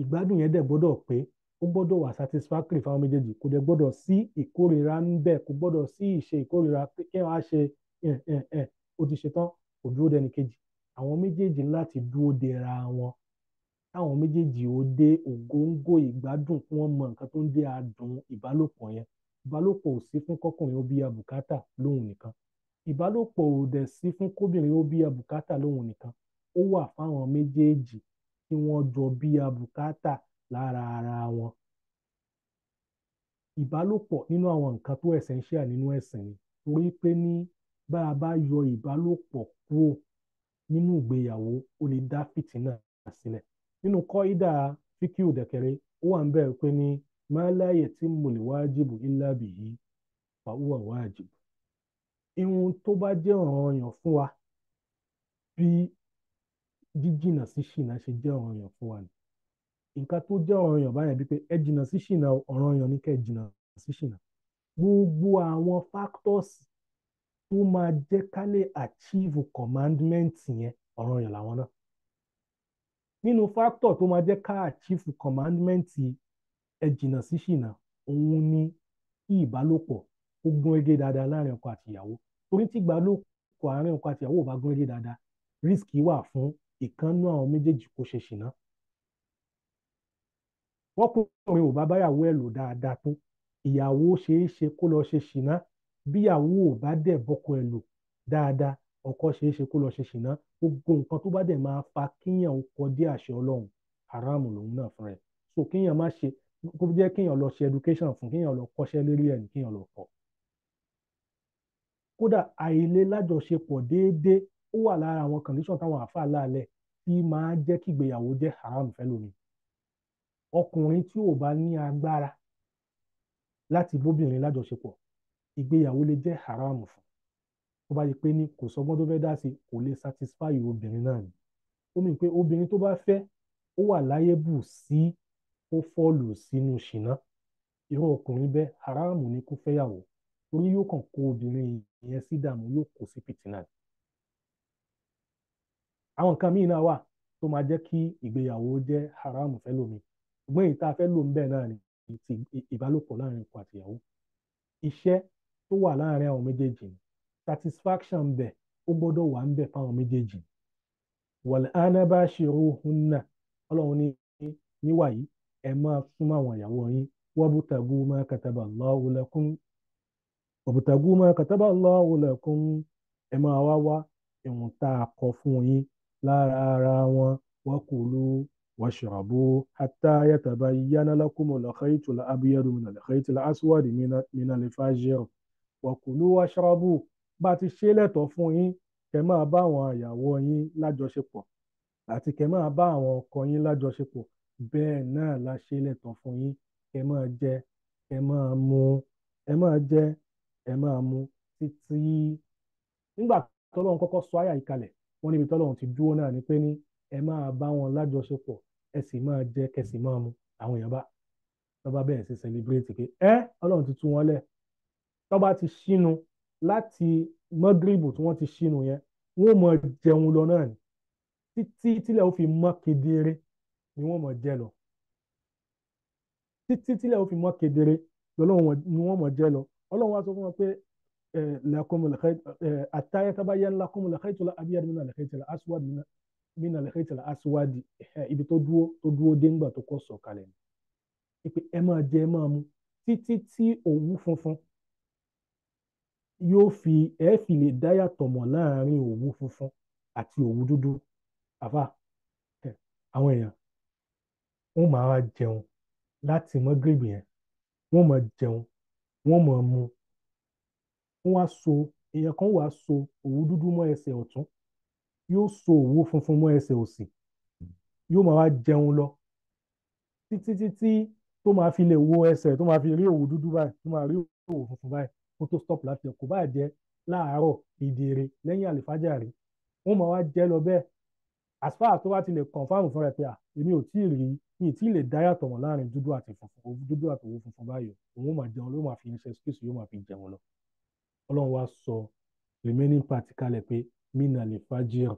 ìgbádùn yẹn dẹ̀ gbọ́dọ̀ pé ó gbọ́dọ̀ wà satisfactory fáwọn méjèèjì kò dẹ̀ gbọ́dọ̀ sí ìkórira ń bẹ kò gbọ́dọ̀ sí ìṣe ìkórira kí wọ́n á ṣe ó ti ṣetán kò dúró dẹni kejì àwọn méjèèjì láti dúró dera wọn káwọn méjèèjì ó dé ògóńgó ìgbádùn kí wọ́n mọ nǹkan tó ń dé adùn ìbálòpọ̀ yẹn ìbálòpọ̀ ò sí fún kọkùnrin ó bí abùkátà lóhùn nìkan ìbálòpọ̀ ò dẹ̀ sí fún kóbìnrin ó bí abùkátà lóhùn nìkan ó wà fáwọn méjèèjì kí wọ́n jọ bí abùkátà lára ara wọn ìbálòpọ̀ nínú àwọn nǹkan tó essential nínú ẹ̀sìn ni torí pé ní bá a bá yọ ìbálòpọ̀ kúrò nínú ìgbéyàwó ó lè dá fìtínà sílẹ̀ nínú kọ́ídà fíkìú dẹ̀kẹ̀rẹ́ ó wà ń bẹ̀rẹ̀ pé ní ma la yatimmu l-wajibu illa bihi fa huwa wajib ihun tó bá jẹ́ ọ̀ranyàn fún wa bí jíjìnà sí ṣìnà ṣe jẹ́ ọ̀ranyàn fún wa ni nǹkan tó jẹ́ ọ̀ranyàn báyẹn bíi pé ẹ jìnà sí ṣìnà ọ̀ranyàn ní kẹ́ ẹ jìnà sí ṣìnà gbogbo àwọn factors tó máa jẹ́ ká lè achieve commandment yẹn ọ̀ranyàn làwọn náà nínú factor tó máa jẹ́ ká achieve commandment ẹ jìnnà sí ṣìnà òun ni kí ìbálòpọ̀ ó gún régé dáadáa láàrin ọkọ àtìyàwó torí tí ìbálòpọ̀ àárín ọkọ àtìyàwó ò bá gún régé dáadáa risk wà fún ìkànnú àwọn méjèèjì kó ṣe ṣìnà wọ́kùnrin ò bá báyàwó ẹ̀ lò dáadáa tó ìyàwó ṣeé kó lọ ṣe ṣìnà bíyàwó ò bá dẹ̀ bọ́kọ ẹ̀ lò dáadáa ọkọ ṣeéṣe kó lọ ṣe ṣìnà gbogbo nǹkan tó bá dẹ̀ máa fa kíyàn kọ dé àṣẹ ọlọ́run haram lòun náà fún rẹ̀ so kíyàn má ṣe kó jẹ́ kíyàn lọ ṣe education fún kíyàn lọ kọ́ṣẹ́ lérí ẹ̀ ní kíyàn lọ kọ́ kódà àìlè lájọṣepọ̀ déédéé ó wà lára àwọn condition táwọn àáfàá láàlẹ̀ tí máa jẹ́ kí ìgbéyàwó jẹ́ haram fẹ́lómi ọkùnrin tí ò bá ní agbára láti bóbìnrin lájọṣepọ̀ ìgbéyàwó lè jẹ́ haram fún tó bá yẹ pé ní kò sọgbọ́n tó fẹ́ dá sí kò lè satisfy obìnrin náà ni ó mì pé obìnrin tó bá fẹ́ ó wà liable sí ó fọ́ọ̀lù sínú ṣìnà irú ọkùnrin bẹ́ẹ̀ haramu ni kó fẹ́yàwó torí yóò kàn kó obìnrin yẹn sí dààmú yóò kó sí pìtìnà àwọn nǹkan míì náà wà tó máa jẹ́ kí ìgbéyàwó jẹ́ haramu fẹ́ lómi ṣùgbọ́n èyí tá a fẹ́ lò ń bẹ̀ náà ni ti ìbálòpọ̀ láàrin ọkọ àtìyàwó iṣẹ́ tó wà láàrin àwọn méjèèjì ni satisfaction bẹ̀ ó gbọ́dọ̀ wà ń bẹ̀ fáwọn méjèèjì wal ana bashiruhunna ọlọ́run ní níwà yìí ẹ máa súnmọ́ àwọn ìyàwó yín wabtagu ma kataballahu lakum wabtagu ma kataballahu lakum ẹ máa wá wá ìwọ̀n tá a kọ fún yín lára ara wọn wakulu washrabu hatta yatabayyana lakumul khaytul abyadu minal khaytil aswadi minal fajr wakulu washrabu bá ti ṣe lẹ́tọ̀ọ́ fún yín kẹ́ máa bá àwọn àyàwó yín lájọṣepọ̀ àti kẹ́ máa bá àwọn ọkọ yín lájọṣepọ̀ bẹ́ẹ̀ náà la ṣe lẹ́tọ̀ọ́ fún yín kẹ́ máa jẹ kẹ́ máa mu ẹ máa jẹ ẹ máa mu títí nígbà tọ́lọ́run kọ́kọ́ sọ àyà yìí kalẹ̀ wọ́n níbi tọ́lọ́run ti dúró náà ni pé ní ẹ máa bá wọn lájọṣepọ̀ ẹ sì máa jẹ kẹ́ sì máa mu àwọn èèyàn bá tọ́ba bẹ́ẹ̀ sí celebrate pé ẹ ọlọ́run ti tú wọn lẹ̀ tọ́ba ti ṣínu láti mọ́gìrìbù tí wọ́n ti ṣínú yẹn wọ́n mọ̀ jẹun lọ náà ni títí tílẹ̀ ó fi mọ́ kedere ni wọ́n mọ̀ jẹ lọ títí tílẹ̀ ó fi mọ́ kedere lọ́lọ́wọ́n ni wọ́n mọ̀ jẹ lọ ọlọ́run wá sọ fún wọn pé àtayẹtabayẹn lakum lẹ́kẹ́tìlá abiyad mina lẹ́kẹ́tìlá aswad mina lẹ́kẹ́tìlá aswad ibi tó dúró tó dúró dé ńgbà tó kọ́ sọ̀kalẹ̀ ni ẹ máa jẹ ẹ máa mu títí tí òwú funfun yóò fi ẹ fi lè dá yàtọ̀ mọ̀ láàrin òwú funfun àti òwú dúdú àfà àwọn èèyàn wọ́n máa wá jẹun láti mọ́gìrìbì yẹn wọ́n máa jẹun wọ́n máa mu wọ́n wá so èèyàn kan wàá so òwú dúdú mọ́ ẹsẹ̀ ọ̀tún yóò so òwú funfun mọ́ ẹsẹ̀ òsì yóò máa wá jẹun lọ títí títí tó máa fi lè wo ẹsẹ̀ tó máa fi rí òwú dúdú báyìí tó máa rí òwú funfun báyìí kó tó stop láti kò bá jẹ láàárọ̀ ìdèrè lẹ́yìn àlìfájàre wọ́n máa wá jẹ́ lọ bẹ́ẹ̀ as far as tó bá ti lè confam fúnra ẹ̀ pé à èmi ò tí ì rí mi ì tí ì lè dá yàtọ̀ wọn láàrin dúdú àti funfun dúdú àti owó funfun báyìí òun máa jẹun ló máa fi iṣẹ́ excuse yóò máa fi jẹun lọ ọlọ́run wá sọ remaining part kalẹ̀ pé mina àlìfájìr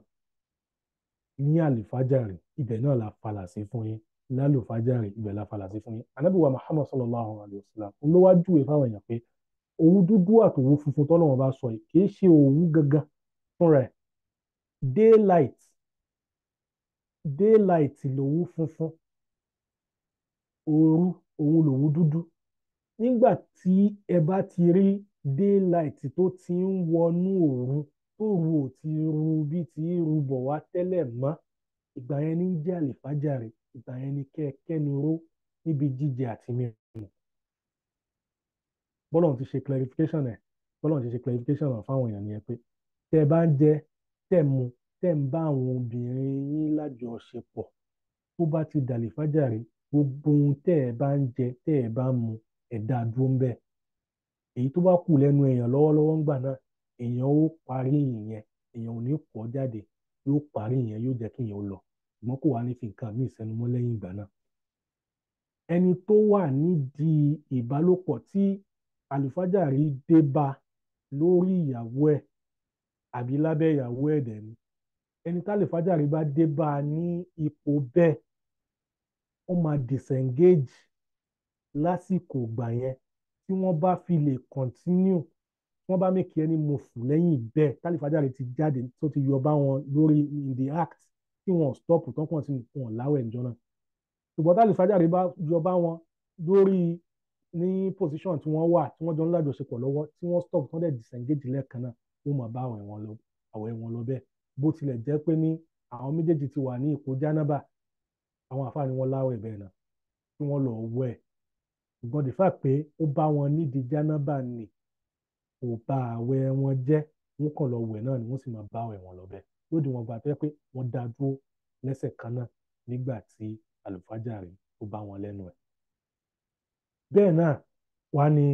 ní àlìfájàre ibẹ̀ náà la falà sí fún yín lálùfájàre ibẹ̀ la falà sí fún yín anábìwá Muhammad sallallahu alayhi wa sallam ló wá júwe fáwọn èèyàn pé òwú dúdú àtòwú funfun tọ́lọ́run bá sọ yìí kì ṣe òwú gangan fúnra ẹ̀ daylight daylight lòwú funfun òru òun lòwú dúdú nígbà tí ẹ bá ti rí daylight tó ti ń wọnú òru tó ru ò ti ru bí ti ru bọ̀ wá tẹ́lẹ̀ mọ́ ìgbà yẹn ní jẹ́ àlìfájàre ìgbà yẹn ni kẹ́ ẹ kẹ́nuró níbi jíjẹ àti mímu bọ́lọ̀ ti ṣe clarification ẹ̀ bọ́lọ̀ ti ṣe clarification ọ̀ fáwọn èèyàn nìyẹn pé tẹ́ ẹ bá ń jẹ tẹ́ ẹ mu tẹ́ ẹ ń bá àwọn obìnrin yín lájọṣepọ̀ tó bá ti dàlè fájàre gbogbo ohun tẹ́ ẹ bá ń jẹ tẹ́ ẹ bá ń mu ẹ dá dúró ń bẹ̀ èyí tó bá kù lẹ́nu èèyàn lọ́wọ́lọ́wọ́ ń gbà náà èèyàn ó parí ìyẹn èèyàn ò ní kọ́ jáde yóò parí ìyẹn yóò jẹ́ kí èèyàn lọ ṣùgbọ́n kò wá ní fi nǹkan míì sẹ́nu mọ́ lẹ́yìn ìgbà náà ẹni tó wà nídìí ìbálòpọ̀ tí àlùfájàrí dé bá lórí ìyàwó ẹ̀ àbí lábẹ́ ìyàwó ẹ̀ dẹ̀ ni ẹni tálùfájàrí bá dé bá a ní ipò bẹ́ẹ̀ ó máa disengage lásìkò ìgbà yẹn tí wọ́n bá fi lè continue wọ́n bá mèkì ẹni mọ̀fù lẹ́yìn bẹ́ẹ̀ tálífàjáre ti jáde tó ti yọ bá wọn lórí in the act tí wọ́n stop tán kàn sí wọn láwẹ̀ ìjọ náà ṣùgbọ́n tálífàjáre bá yọ bá wọn lórí ní position tí wọ́n wà tí wọ́n jọ ń lájọṣepọ̀ lọ́wọ́ tí wọ́n stop tí wọ́n disengage lẹ́ẹ̀kan náà ó máa bá àwẹ̀ wọn lọ àwẹ̀ wọn lọ bẹ́ẹ̀ bó tilẹ̀ jẹ́ pé ní àwọn méjèèjì ti wà ní ipò jánábà àwọn àfáàní wọn láwẹ̀ bẹ́ẹ̀ náà tí wọ́n lọ wẹ̀ ṣùgbọ́n the fact pé ó bá wọn nídìí jánábà ni kò bà àwẹ̀ wọn jẹ́ wọ́n kàn lọ wẹ̀ náà ni wọ́n sì máa bá àwẹ̀ wọn lọ bẹ́ẹ̀ lóde wọn gbà pé wọ́n dá dúró lẹ́sẹ̀ kan náà nígbà tí àlùfájàre tó bá wọn lẹ́nu ẹ̀ bẹ́ẹ̀ náà wá ní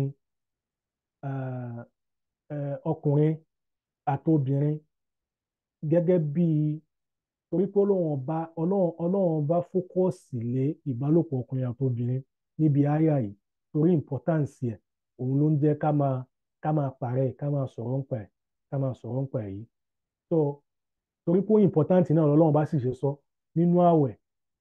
ọkùnrin àti obìnrin gẹ́gẹ́ bí torí pé ọlọ́run ọba ọlọ́run ọba fókọ́ọ̀sì lé ìbálòpọ̀ ọkùnrin àti obìnrin níbi àyà yìí torí importance ẹ̀ òun ló ń jẹ́ ká máa ká máa parẹ́ ká máa sọ̀rọ̀ ń pa ká máa sọ̀rọ̀ ń pa yìí so torí pé ó important náà ọlọ́run bá sì ṣe sọ nínú àwẹ̀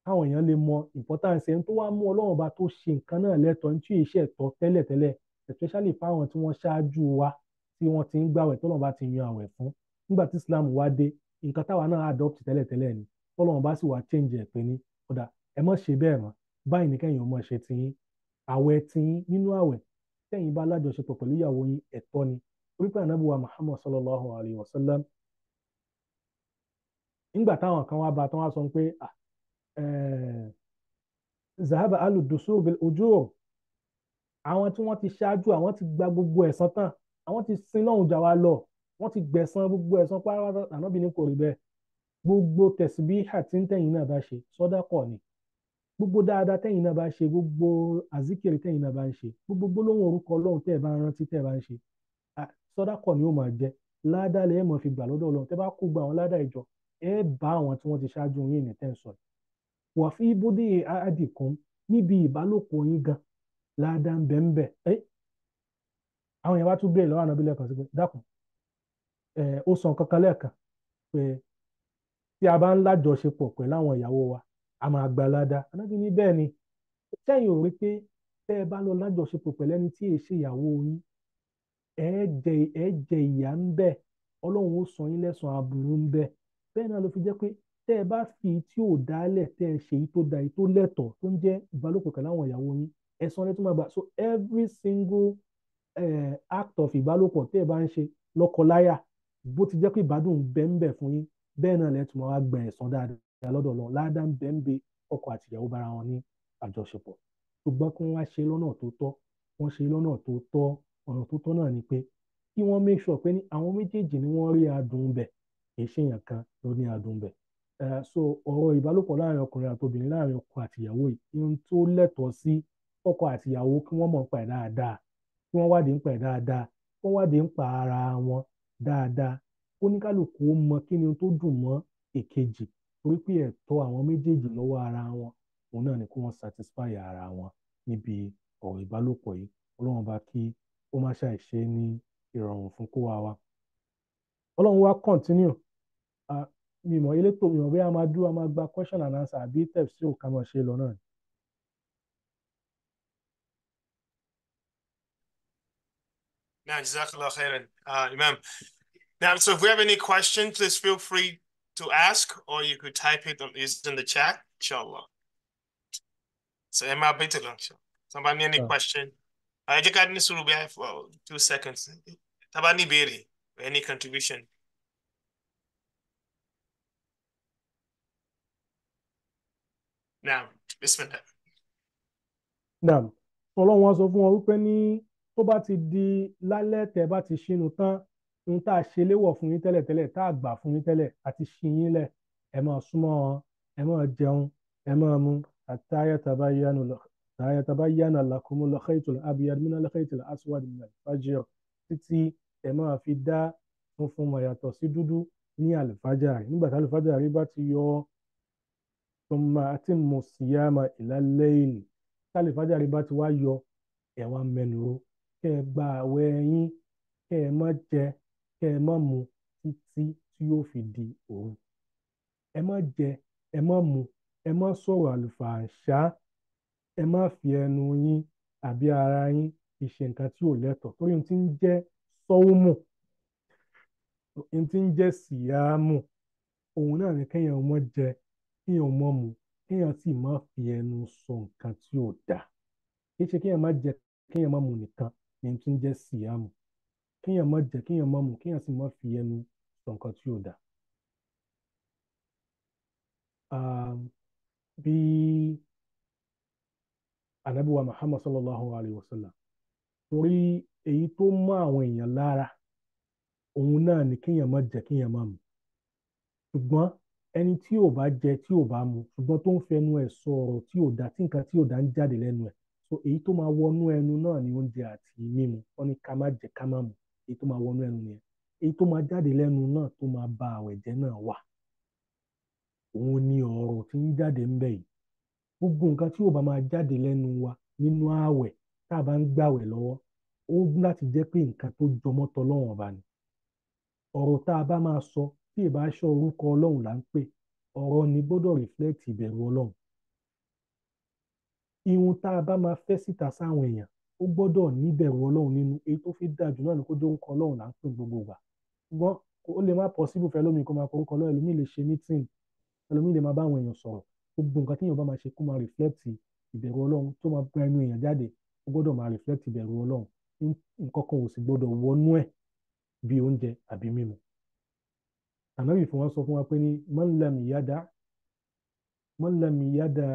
káwọn èèyàn lè mọ importance ẹni tó wá mú ọlọ́run ọba tó ṣe nǹkan náà lẹ́tọ̀ọ́ ní tí iṣẹ́ ẹ̀tọ́ tẹ́lẹ̀tẹ́lẹ̀ especially fáwọn tí wọ́n ṣáájú wa tí wọ́n ti ń gbàwẹ̀ tọ́lọ́run bá ti yan àwẹ̀ fún nígbà tí Islam wá dé nǹkan táwa náà adopt tẹ́lẹ̀tẹ́lẹ̀ ni tọ́lọ́run bá sì wá change ẹ̀ pé ní ọ̀dà ẹ má ṣe bẹ́ẹ̀ mọ́ báyìí ni kẹ́yìn ọmọ ṣe ti yín àwẹ̀ ti yín nínú àwẹ̀ tẹ́yìn bá lájọṣepọ̀ pẹ̀lú ìyàwó yín ẹ̀tọ́ ni orípa ànábùwà Muhammad sallallahu alayhi wa sallam nígbà táwọn kan wá bá tán wá sọ pé ah Eh, zahaba aludusur bil ujur àwọn tí wọ́n ti ṣáájú àwọn ti gba gbogbo ẹ̀san tán àwọn ti sin lọ́hùn jà wá lọ wọ́n ti gbẹ̀san gbogbo ẹ̀san pàápàá ànábì ní kò rí bẹ́ẹ̀ gbogbo tẹ̀síbí àti tẹ̀yìn náà bá ṣe sọ́dákọ̀ ni gbogbo dáadáa tẹ̀yìn náà bá ṣe gbogbo àzíkiri tẹ̀yìn náà bá ń ṣe gbogbo gbólóhùn orúkọ ọlọ́run tẹ̀ bá ń rántí tẹ̀ bá ṣe sọ́dákọ̀ ni ó máa jẹ́ ládàá lẹ́yìn mọ̀ fi gbà lọ́dọ̀ ọlọ́run tẹ́ bá kú gba àwọn ládàá ìjọ ẹ bá àwọn tí wọ́n ti ṣáájú yín ní tẹ́ wàfí ibodè adìkún níbi ìbálòpọ̀ yín gan láàdá ń bẹ̀ ń bẹ̀ ẹ́ àwọn èèyàn wá tún bẹ̀rẹ̀ lọ́wọ́ kan sí pé dákun ó sọ nǹkan lẹ́ẹ̀kan pé tí a bá ń lájọṣepọ̀ pẹ̀lú àwọn ìyàwó wa a gba ní bẹ́ẹ̀ ni sẹ́yìn ò rí pé tẹ́ ẹ bá lọ lájọṣepọ̀ pẹ̀lú ẹni tí èsì ìyàwó yín tẹ́ ẹ bá fi tí ò dálẹ̀ tẹ́ ẹ ṣe èyí tó da èyí tó lẹ́tọ̀ tó ń jẹ́ ìbálòpọ̀ pẹ̀lú àwọn ìyàwó yín ẹ̀san lẹ́tọ́ máa gbà so every single uh, act of ìbálòpọ̀ tẹ́ ẹ bá ń ṣe lọ́kọláyà bó ti jẹ́ pé ìbádùn bẹ́ńbẹ̀ fún yín bẹ́ẹ̀ náà lẹ́tọ́ máa wá gba ẹ̀san dáadáa lọ́dọ̀ lọ ládàá bẹ́ńbẹ́ ọkọ àti ìyàwó bára wọn ní àjọṣepọ̀ ṣùgbọ́n kí wọ́n wá ṣe lọ́nà tó tọ́ wọ́n make sure pé ní àwọn méjèèjì ni wọ́n rí adùn bẹ̀ so ọ̀rọ̀ ìbálòpọ̀ láàrin ọkùnrin àti obìnrin láàrin ọkọ àtìyàwó yìí ohun tó lẹ́tọ̀ọ́ sí ọkọ àtìyàwó kí wọ́n mọ̀ ń pa ẹ̀ dáadáa kí wọ́n wádìí ń pa ẹ̀ dáadáa kí wọ́n wádìí ń pa ara wọn dáadáa oníkálukú ó mọ kí ni tó dùn mọ́ èkejì torí pé ẹ̀tọ́ àwọn méjèèjì lọ́wọ́ ara wọn òun náà ni kí wọ́n satisfy ara wọn níbi ọ̀rọ̀ ìbálòpọ̀ yìí ọlọ́run bá kí ó má ṣàì ṣe ní ìrọ̀rùn fún kó wa wa ọlọ́run wa continue mi mọ̀ mi mọ̀ bóyá a máa dúró a máa gba question and answer àbí máa ṣe lọ náà. Now, Jazakallah khairan, uh, Imam. Now, so if we have any questions, please feel free to ask, or you could type it on, in the chat, inshallah. So, am I better? Somebody any question? I just got in two seconds. Tabani Beri, any contribution? Naam, bismillah. Naam, ọlọ́run wá sọ fún wọn wípé ní tó bá ti di lálẹ́ tẹ́ bá ti ṣínú tán ohun tá a ṣe léwọ̀ fún yín tẹ́lẹ̀tẹ́lẹ̀ tá a gbà fún yín tẹ́lẹ̀ àti ṣí yín lẹ̀ ẹ máa súnmọ́ wọn ẹ máa jẹun ẹ máa mu àtayatabayana lakumu lakaitul abiyad mina lakaitul aswad mina alfajir títí ẹ máa fi dá funfun mọ̀ yàtọ̀ sí dúdú ní alifajari nígbà tí alifajari bá ti yọ ọ́ thumma atimmu siyama ila layl tálẹ̀ fájàre bá ti wá yọ ẹ̀ wá mẹ́nuro gba àwẹ̀ yín kẹ́ ẹ má jẹ kẹ́ mu títí tí yóò fi di òru ẹ má jẹ ẹ má mu ẹ má sọ̀rọ̀ àlùfàǹṣá ẹ má fi ẹnu yín àbí ara yín fi ṣe nǹkan tí ò lẹ́tọ̀ọ́ torí n ti ń jẹ́ sọ́wọ́mù n ti ń jẹ́ síyáàmù òun náà ni kéèyàn má jẹ kéèyàn mọ̀ mu kéèyàn sì má fi ẹnu sọ nǹkan tí ò dáa kì í ṣe kéèyàn má jẹ kéèyàn má mu nìkan ní tí ń jẹ́ síyàmù kéèyàn má jẹ kéèyàn má mu kéèyàn sì má fi ẹnu sọ nǹkan tí ò dáa. bí anabiwa muhammad sallallahu alayhi wa sallam torí èyí tó mọ́ àwọn èèyàn lára òun náà ni kéèyàn má jẹ kéèyàn má mu ṣùgbọ́n ẹni tí ò bá jẹ tí ò bá mu ṣùgbọ́n tó ń fẹnu ẹ̀ sọ tí ò dá tí nǹkan tí ò dá ń jáde lẹ́nu ẹ̀ so èyí tó máa wọnú ẹnu náà ni oúnjẹ àti mímu Tọ́ ní ká má jẹ ká má mu èyí tó máa wọnú ẹnu nìyẹn èyí tó máa jáde lẹ́nu náà tó máa ba àwẹ̀ náà wà òun ni ọ̀rọ̀ tí ń jáde yìí gbogbo nǹkan tí ò bá máa jáde lẹ́nu wa nínú tá a lọ́wọ́ tí ìbá aṣọ orúkọ ọlọ́run là ń pè ọ̀rọ̀ ni gbọ́dọ̀ reflect ìbẹ̀rù ọlọ́run irun tá a bá máa fẹ́ síta sáwọn èèyàn ó gbọ́dọ̀ níbẹ̀rù ọlọ́run nínú èyí tó fi dáa náà ni kó jẹ́ orúkọ ọlọ́run là ń pè gbogbo ìgbà ṣùgbọ́n ó lè má possible fẹ́ lómi kó máa kọ orúkọ ọlọ́run ẹlòmíì lè ṣe meeting ẹlòmíì lè máa bá àwọn èèyàn sọ̀rọ̀ gbogbo nǹkan téèyàn bá máa ṣe kó máa reflect ìbẹ̀rù ọlọ́run tó máa gba ẹnu èèyàn jáde ó gbọ́dọ̀ máa reflect ìbẹ̀rù ọlọ́run nǹkan kan ò sì gbọ́dọ̀ wọnú ẹ̀ bíi oúnjẹ àbí mímu ànábì fún wọn sọ fún wa pé ní mọ́lẹ́mì yáda mọ́lẹ́mì yáda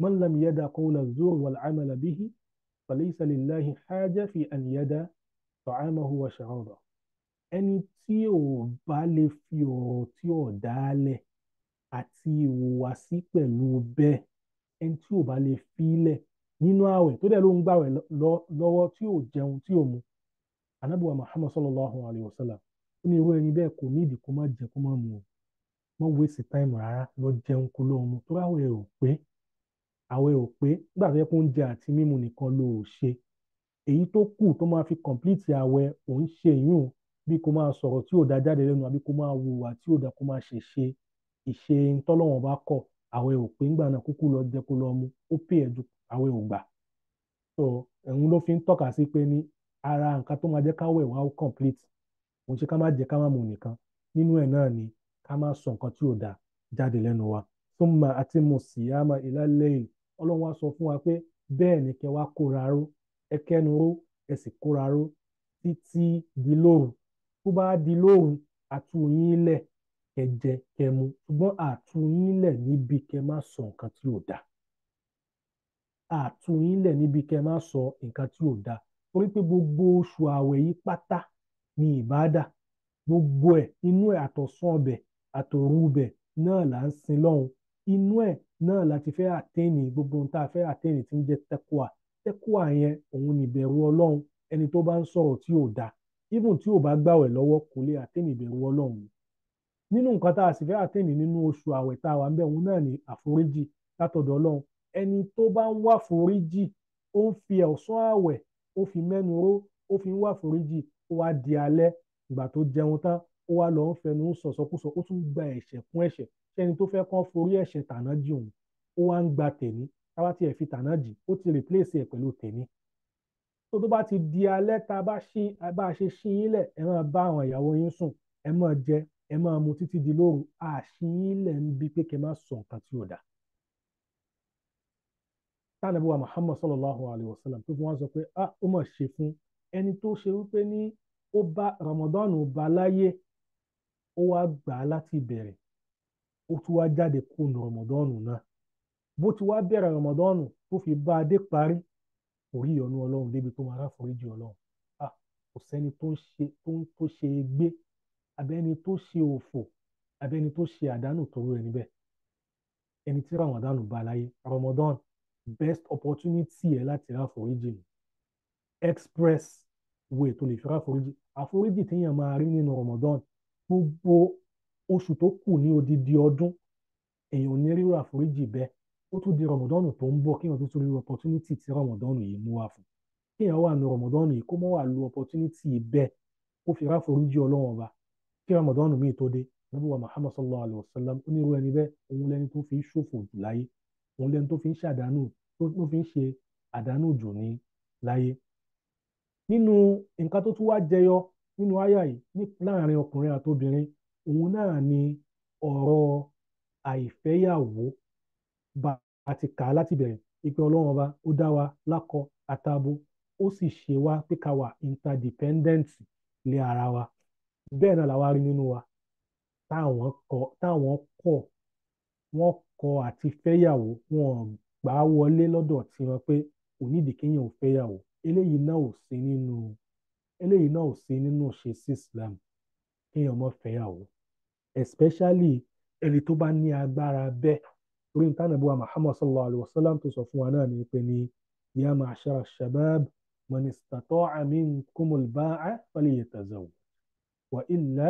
mọ́lẹ́mì yáda qawla zur wal amala bihi falaysa lillahi haja fi an yada ta'amahu wa sharabahu ẹni tí ò bá lè fi ọ̀rọ̀ tí ò dálẹ̀ àti ìhùwàsí pẹ̀lú bẹ́ẹ̀ ẹni tí ò bá lè filẹ̀ nínú ààwẹ̀ tó dẹ̀ ló ń gbàwẹ̀ lọ́wọ́ tí ò jẹun tí ò mu anabiwa muhammad sallallahu alayhi wa sallam ó ní irú ẹni bẹ́ẹ̀ kò ní ìdí kó má jẹ kó má mu o má waste time rárá lọ jẹun kó lọ mu tó ráwẹ̀ ò pé àwẹ̀ ò pé nígbà tó yẹ kó ń jẹ àti mímu nìkan ló ò ṣe èyí tó kù tó máa fi complete àwẹ̀ ò ń ṣe yún bí kó máa sọ̀rọ̀ tí ò dá jáde lẹ́nu àbí kó máa hùwà tí ò dá kó máa ṣe ṣe ìṣe tọ́lọ́wọ̀n bá kọ̀ àwẹ̀ ò pé ńgbà náà kúkú lọ jẹ kó lọ mu ó pè ẹ́ ju àwẹ̀ ò gbà so ẹ̀hún ló fi ń tọ́ka sí pé ní ara nǹkan tó máa jẹ́ káwẹ̀ wá ó complete òun ṣe ká má jẹ ká má mu nìkan nínú ẹ̀ náà ni ká má sọ nǹkan tí ò dáa jáde lẹ́nu wa thumma atimmu siyama ila al-layl ọlọ́run wa sọ fún wa pé bẹ́ẹ̀ ni kẹ́ wá kóra ró ẹ kẹ́nu ró ẹ sì kóra ró títí di lóru tó bá di lóru àtúnyín lẹ̀ kẹ́ jẹ kẹ́ mu ṣùgbọ́n àtúnyín lẹ̀ níbi kẹ́ má sọ nǹkan tí ò dáa àtúnyín lẹ̀ níbi kẹ́ má sọ nǹkan tí ò dáa torí pé gbogbo oṣù àwẹ̀ yìí pátá Ni ìbáàdà gbogbo ẹ̀ inú ẹ̀ àtọ̀sán ọbẹ̀ àtòru ibẹ̀ náà là ń sin lọ́hùn inú ẹ̀ náà la ti fẹ́ àtẹ́ẹ̀nì gbogbo ohun tá a fẹ́ àtẹ́ẹ̀nì tí ń jẹ́ tẹ́kùà tẹ́kùà yẹn òun ni ìbẹ̀rù ọlọ́run ẹni tó bá ń sọ̀rọ̀ tí ò dáa even tí ò bá gbàwẹ̀ lọ́wọ́ kò lè àtẹ́ẹ̀nì ìbẹ̀rù ọlọ́run nínú nǹkan tá a sì fẹ́ àtẹ́ẹ̀nì nínú oṣù àwẹ̀ tá a wà ń bẹ̀ òun náà ni àforíjì látọ̀dọ̀ ọlọ́run ẹni tó bá ń wá foríjì ó ń fi ọ̀sán àwẹ̀ ó fi mẹ́nu ró ó fi ń wá foríjì ó wá di alẹ́ ìgbà tó jẹun tán ó wá lọ ń fẹnu sọ̀sọ́kùsọ ó tún gba ẹ̀ṣẹ̀ kún ẹ̀ṣẹ̀ sẹ́ni tó fẹ́ kán forí ẹ̀ṣẹ̀ tàná jì òun ó wá ń gba tèmi tábà tiẹ̀ fi tàná jì ó ti replace ẹ̀ pẹ̀lú tèmi tó tó bá ti di alẹ́ tá a bá a bá ṣe ṣí yín lẹ̀ ẹ máa bá àwọn ìyàwó yín sùn ẹ máa jẹ ẹ máa mu títí di lóru àṣì yín lẹ̀ ń bi pé kẹ́ má sọ nǹkan tí ò dáa. tánàbí Muhammad sallallahu alayhi wa sallam tó fi wọ́n sọ pé ah, ó mà ṣe fún ẹni tó ṣe wípé ní ó bá Ramadan ò bá láyé ó wá gbà á láti bẹ̀rẹ̀ ó tún wá jáde kúrò Ramadan náà bó ti wá bẹ̀rẹ̀ Ramadan tó fi bá a dé parí kò rí ìyọnu Ọlọ́run débi tó máa ráforíjì Ọlọ́run ah kò sẹ́ni tó ń ṣe tó ń tó ṣe é gbé abẹ́ni tó ṣe òfò abẹ́ni tó ṣe àdánù tóró ẹni bẹ́ẹ̀ ẹni tí Ramadan bá láyé Ramadan best opportunity ẹ̀ láti ráforíjì ni express way tó lè fi ráforíjì àforíjì téèyàn máa rí nínú Ramadan gbogbo oṣù tó kù ní odidi ọdún èèyàn ò ní ríro àforíjì bẹ́ẹ̀ ó tún di Ramadan tó ń bọ̀ kéèyàn tó tún rí opportunity tí Ramadan yìí mú wá fún kéèyàn wà ní Ramadan yìí kó mọ́ wà lu opportunity bẹ́ẹ̀ kó fi ráforíjì ọlọ́wọ́n ọba kí Ramadan mi tó dé nabi wa Muhammad sallallahu alayhi wa sallam onírú ẹni bẹ́ẹ̀ òun lẹni tó fi ń ṣòfò jù láyé òun lẹni tó fi ń ṣàdánù tó fi ń ṣe àdánù jù ní láyé nínú nǹkan tó tún wá jẹyọ nínú àyà yìí ní láàrin ọkùnrin àtobìnrin òun náà ni ọ̀rọ̀ àìfẹ́yàwó bá a ti kà á láti bẹ̀rẹ̀ ìpè ọlọ́run ọba ó dá wa lákọ àtabo ó sì ṣe wá pé ká wà interdependent lé ara wa bẹ́ẹ̀ náà làwa rí nínú wa táwọn kọ̀ táwọn kọ̀ wọ́n kọ̀ àti fẹ́yàwó wọn gbà á wọlé lọ́dọ̀ tiwọn pé kò ò fẹ́yàwó eléyìí náà ò sí nínú eléyìí náà ò sí nínú ṣe sí Islam kéèyàn mọ́ fẹ́yàwó especially ẹni tó bá ní agbára bẹ́ẹ̀ orí ìtànàbíwá Muhammad sallallahu alayhi wa sallam tó sọ fún wa náà ni pé ní ya ma'ashara shabab man istata'a minkumul ba'a falyatazawwaj wa illa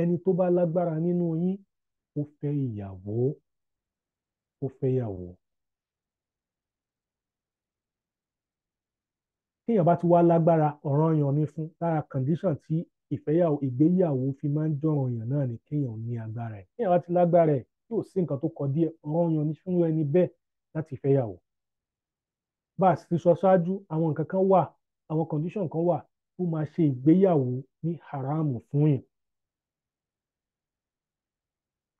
ẹni tó bá lágbára nínú yín ó fẹ́ ìyàwó ó fẹ́ ìyàwó téèyàn bá ti wá lágbára ọ̀ranyàn ni fún lára condition tí ìfẹ́yàwó ìgbéyàwó fi máa ń jọ̀ràn èèyàn náà ni kéèyàn ní agbára ẹ̀ téèyàn bá ti lágbára ẹ̀ yóò sí nǹkan tó kọ díẹ̀ ọ̀ranyàn ni fún ẹni bẹ́ẹ̀ láti fẹ́yàwó. bá a ti sọ ṣáájú àwọn nǹkan kan wà àwọn condition kan wà ó máa ṣe ìgbéyàwó ní haramu fún yàn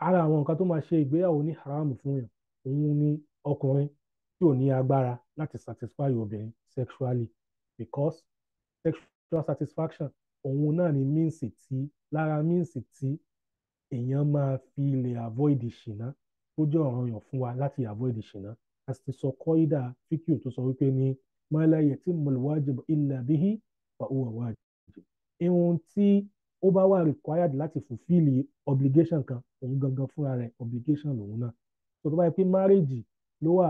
ara àwọn nǹkan tó máa ṣe ìgbéyàwó ní haramu fún yàn òun ni ọkùnrin tí ò ní agbára láti satisfy obìnrin sexually because sexual satisfaction òun náà ni means tí lára means tí èèyàn máa fi lè avoid ìṣìná tó jẹ́ ọ̀ranyàn fún wa láti avoid ìṣìná As sì sọ kọ́ídà fíkìú tó sọ wípé ní mọ́láyẹ̀ tí mọ̀lúwájib illa bihi fa huwa wájib irun tí ó bá wà required láti fulfil obligation kan òun gangan fúnra rẹ̀ obligation lòun náà tó tó bá pé marriage ló wà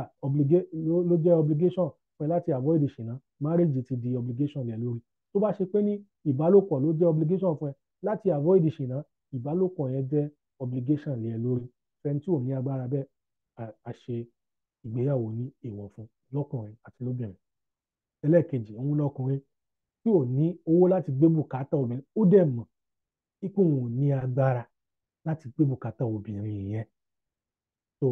ló jẹ́ obligation fún ẹ láti avoid ìṣìná marriage ti di obligation lẹ̀ lórí tó bá ṣe pé ní ìbálòpọ̀ ló jẹ́ obligation fún ẹ láti avoid ìṣìnà ìbálòpọ̀ yẹn jẹ́ obligation lẹ̀ lórí fẹ́ni tí ò ní agbára bẹ́ẹ̀ àṣe ìgbéyàwó ní èèwọ̀ fún lọ́kùnrin àti lóbìnrin ẹlẹ́ẹ̀kejì òun lọ́kùnrin tí ò ní owó láti gbé bùkátà obìnrin ó dẹ̀ mọ̀ ipò òun ò ní agbára láti gbé bùkátà obìnrin yẹn so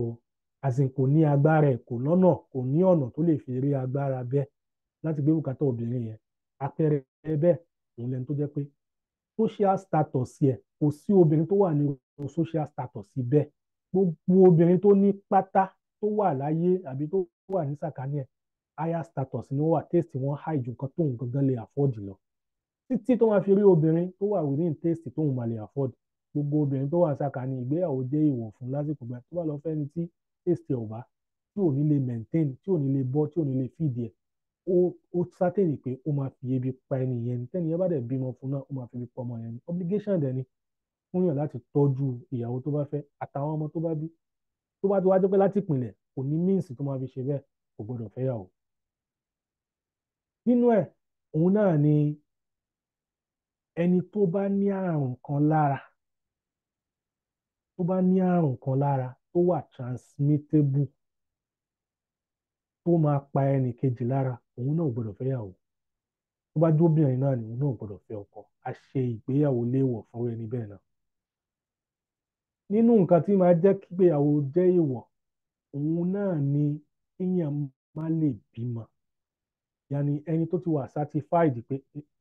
àsìkò ní agbára ẹ̀ kò lọ́nà kò ní ọ̀nà tó lè fi rí agbára bẹ́ẹ̀ láti gbé bùkátà obìnrin yẹn àpẹẹrẹ ẹbẹ òun lẹni tó jẹ́ pé social status yẹ kò sí obìnrin tó wà ní social status bẹ́ẹ̀ gbogbo obìnrin tó ní pátá tó wà láyé àbí tó wà ní sàkání ẹ̀ higher status ni wọ́n wà taste wọn high ju nǹkan tóun gangan lè afford lọ títí tó máa fi rí obìnrin tó wà within taste tóun máa lè afford gbogbo obìnrin tó wà ní sàkání ìgbéyàwó jẹ́ ìwọ̀ fún lásìkò gbà tó bá lọ fẹ́ tí taste ẹ̀ tí ò ní lè maintain tí ò ní lè bọ́ tí ò ní lè feed ẹ̀ ó sátẹ̀lì pé ó máa fi ebi pa ẹni yẹn ni tẹ́ni yẹn bá dẹ̀ bímọ fún náà ó máa fi ebi pa ọmọ yẹn ni obligation dẹ̀ ni fún yàn láti tọ́jú ìyàwó tó bá fẹ́ àtàwọn ọmọ tó bá bí tó bá ti wá jẹ́ pé láti ìpìlẹ̀ kò ní means tó máa fi ṣe bẹ́ẹ̀ kò gbọdọ̀ fẹ́ yàwó. nínú ẹ̀ òun náà ni ẹni tó bá ní àrùn kan lára tó bá ní àrùn kan lára tó wà transmittable ó máa pa ẹnì kejì lára òun náà ò gbọdọ̀ fẹ́yàwó tó bá dúró obìnrin náà ni òun náà ò gbọdọ̀ fẹ́ ọkọ a ṣe ìgbéyàwó léèwọ̀ fún ẹni bẹ́ẹ̀ náà nínú nǹkan tí máa jẹ́ kígbéyàwó jẹ́ èèwọ̀ òun náà ni kéèyàn má lè bímọ yàní ẹni tó ti wà certified pé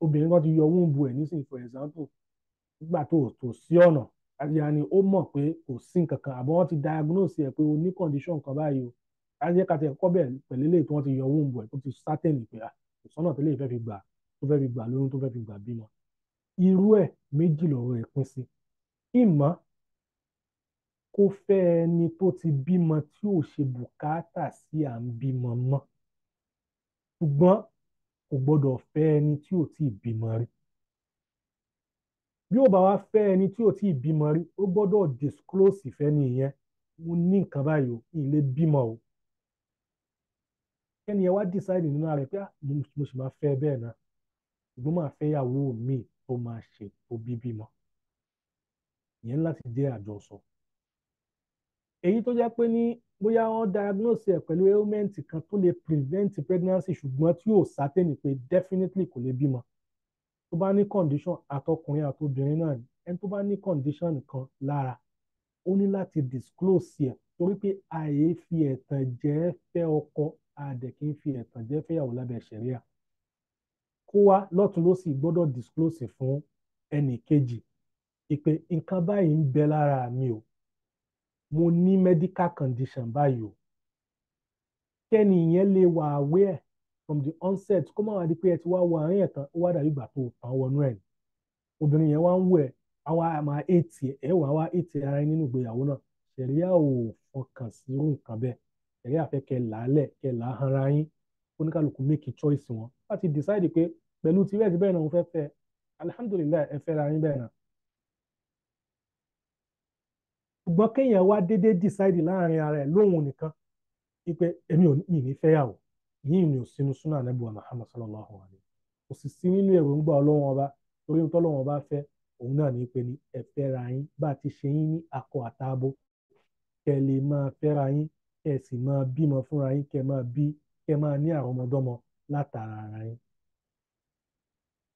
obìnrin kan ti yọ wúńbù ẹ̀ nísìnyí for example nígbà tó tó sí ọ̀nà yàní ó mọ̀ pé kò sí nǹkan kan àbọ̀ wọ́n ti diagnose ẹ̀ pé o ní condition kan báyìí o ajẹ́ ká ti ẹ̀kọ́ bẹ̀ pẹ̀lú eléyìí tí wọ́n ti yọ owó ń bọ̀ tó ti sátẹ̀lì pé ìsọ́nà ah, tẹ́lẹ̀ fẹ́ fi gbà tó fẹ́ fi gbà lóyún tó fẹ́ fi gbà bímọ irú ẹ̀ méjì lọ́rọ̀ ẹ̀ pín sí ìmọ̀ kó fẹ́ ẹni tó ti bímọ tí ò ṣe bùkátà sí à ń bímọ mọ́ ṣùgbọ́n kò gbọ́dọ̀ fẹ́ ẹni tí ò tí ì bímọ rí bí ó bá wá fẹ́ ẹni tí ò tí ì bímọ rí ó gbọ́dọ̀ disclose ìfẹ́ nìyẹn mo ní nǹkan báyìí o ilé bímọ o kẹ́ni ẹ wá decide nínú ara rẹ̀ pé ah, mo sì máa fẹ́ bẹ́ẹ̀ náà ṣùgbọ́n máa fẹ́ ìyàwó mi tó máa ṣe tó bí bímọ ìyẹn láti jẹ́ àjọsọ èyí tó jẹ́ pé ní bóyá wọ́n diagnose ẹ̀ pẹ̀lú ailment kan tó lè prevent pregnancy ṣùgbọ́n tí yóò sátẹ́nì pé definitely kò lè bímọ tó bá ní condition àtọkùnrin àtobìnrin náà ni ẹni tó bá ní condition kan lára ó ní láti disclose ẹ̀ torí pé àyè fi ẹ̀tàn jẹ́ fẹ́ ọkọ àdẹ̀ kì n fi ẹ̀tàn jẹ́ fẹ́yàwó lábẹ́ ṣẹ̀ríà kó wá lọ́tún ló sì gbọ́dọ̀ disclose fún ẹnì kejì ìpè nǹkan báyìí ń bẹ lára mi o mo ní medical condition báyìí o kẹ́ni ìyẹn lè wà aware from the onset kó má wá di ẹ wo àárín ẹ̀tàn ó wá dàbí ìgbà tó wọnú ẹ̀ obìnrin yẹn wá ń ètì ẹ̀ wà wá ètì ara nínú ìgbéyàwó náà ṣẹ̀ríà ò fọkàn ẹ̀rí àfẹ́ kẹ làálẹ̀ kẹ là á hanra yín oníkàlùkù make choice wọn láti decide pé pẹ̀lú tirẹ̀ ti bẹ́ẹ̀ náà mo fẹ́ fẹ́ alihamudulilayi ẹ fẹ́ ra yín bẹ́ẹ̀ náà. ṣùgbọ́n kéèyàn wá déédéé decide láàrin ara ẹ̀ lóhun nìkan èmi ò ní fẹ́yàwó yìí ni ò súnà Muhammad sallallahu alayhi kò sì sí nínú èròǹgbà ọba torí ohun ọba fẹ́ òun náà ní bá a ti ṣe yín kẹ́ ẹ sì máa bímọ fúnra yín kẹ́ ẹ máa bí kẹ́ ẹ máa ní àrọmọdọ́mọ látara ara yín.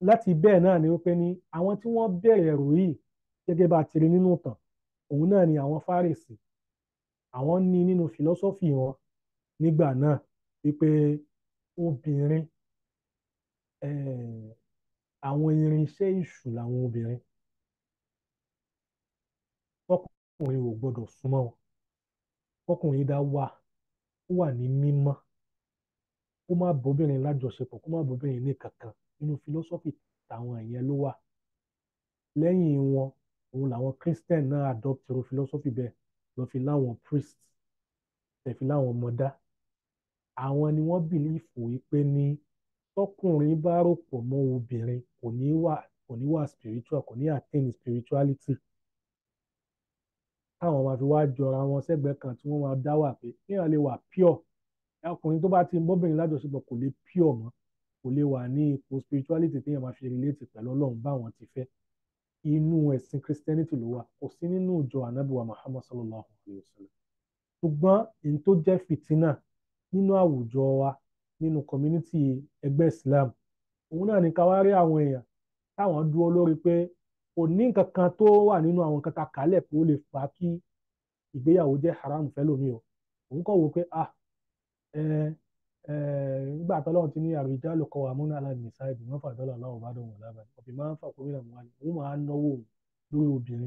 láti bẹ́ẹ̀ náà ni wípé ní àwọn tí wọ́n bẹ̀rẹ̀ ẹ̀rù yìí gẹ́gẹ́ bá a ti rí nínú ìtàn òun náà ni àwọn fárẹ̀sì àwọn ní nínú fìlọ́sọ́fì wọn nígbà náà wípé obìnrin àwọn irinṣẹ́ ìṣù làwọn obìnrin ọkùnrin ò gbọdọ̀ súnmọ́ wọn ọkùnrin dá wà ó wà ní mímọ́ kó má bóbìnrin lájọṣepọ̀ kó má bóbìnrin ní kankan nínú fílọ́sọ́fì táwọn ìyẹn ló wà lẹ́yìn wọn òun làwọn christian náà adopt irú philosophy bẹ́ẹ̀ lọ fi láwọn priest tẹ̀fi láwọn mọ̀dá àwọn ni wọ́n bìlífù wípé ní tọkùnrin bá rò pọ̀ mọ́ obìnrin kò ní wà kò ní wà spiritual kò ní attain spirituality táwọn máa fi wá jọra wọn sẹ́gbẹ̀ẹ́ kan tí wọ́n máa dá wà pé kéèyàn lè wà pure ọkùnrin tó bá ti ń bọ́bìnrin lájọṣepọ̀ kò lè pure mọ́ kò lè wà ní ipò spirituality téèyàn máa fi relate pẹ̀lú ọlọ́run báwọn ti fẹ́ inú ẹ̀sìn christianity ló wà kò sí nínú ìjọ anabiwa muhammad sallallahu alayhi wa sallam ṣùgbọ́n èyí tó jẹ́ fìtínà nínú àwùjọ wa nínú community ẹgbẹ́ islam òun náà ní ká wá rí àwọn èèyàn táwọn dúró lórí pé kò ní nǹkan kan tó wà nínú àwọn nǹkan tá kàálẹ̀ pé ó lè fà kí ìgbéyàwó jẹ́ haram fẹ́lòmíì o òun kàn wò pé ah nígbà tó lọ́run ti ní àròjá ló kọ́ wa múná aláàbì sáìdì wọ́n fàdọ́là láwọn bá dọ̀wọ̀n lábàá ọ̀bì máa ń máa ń náwó lórí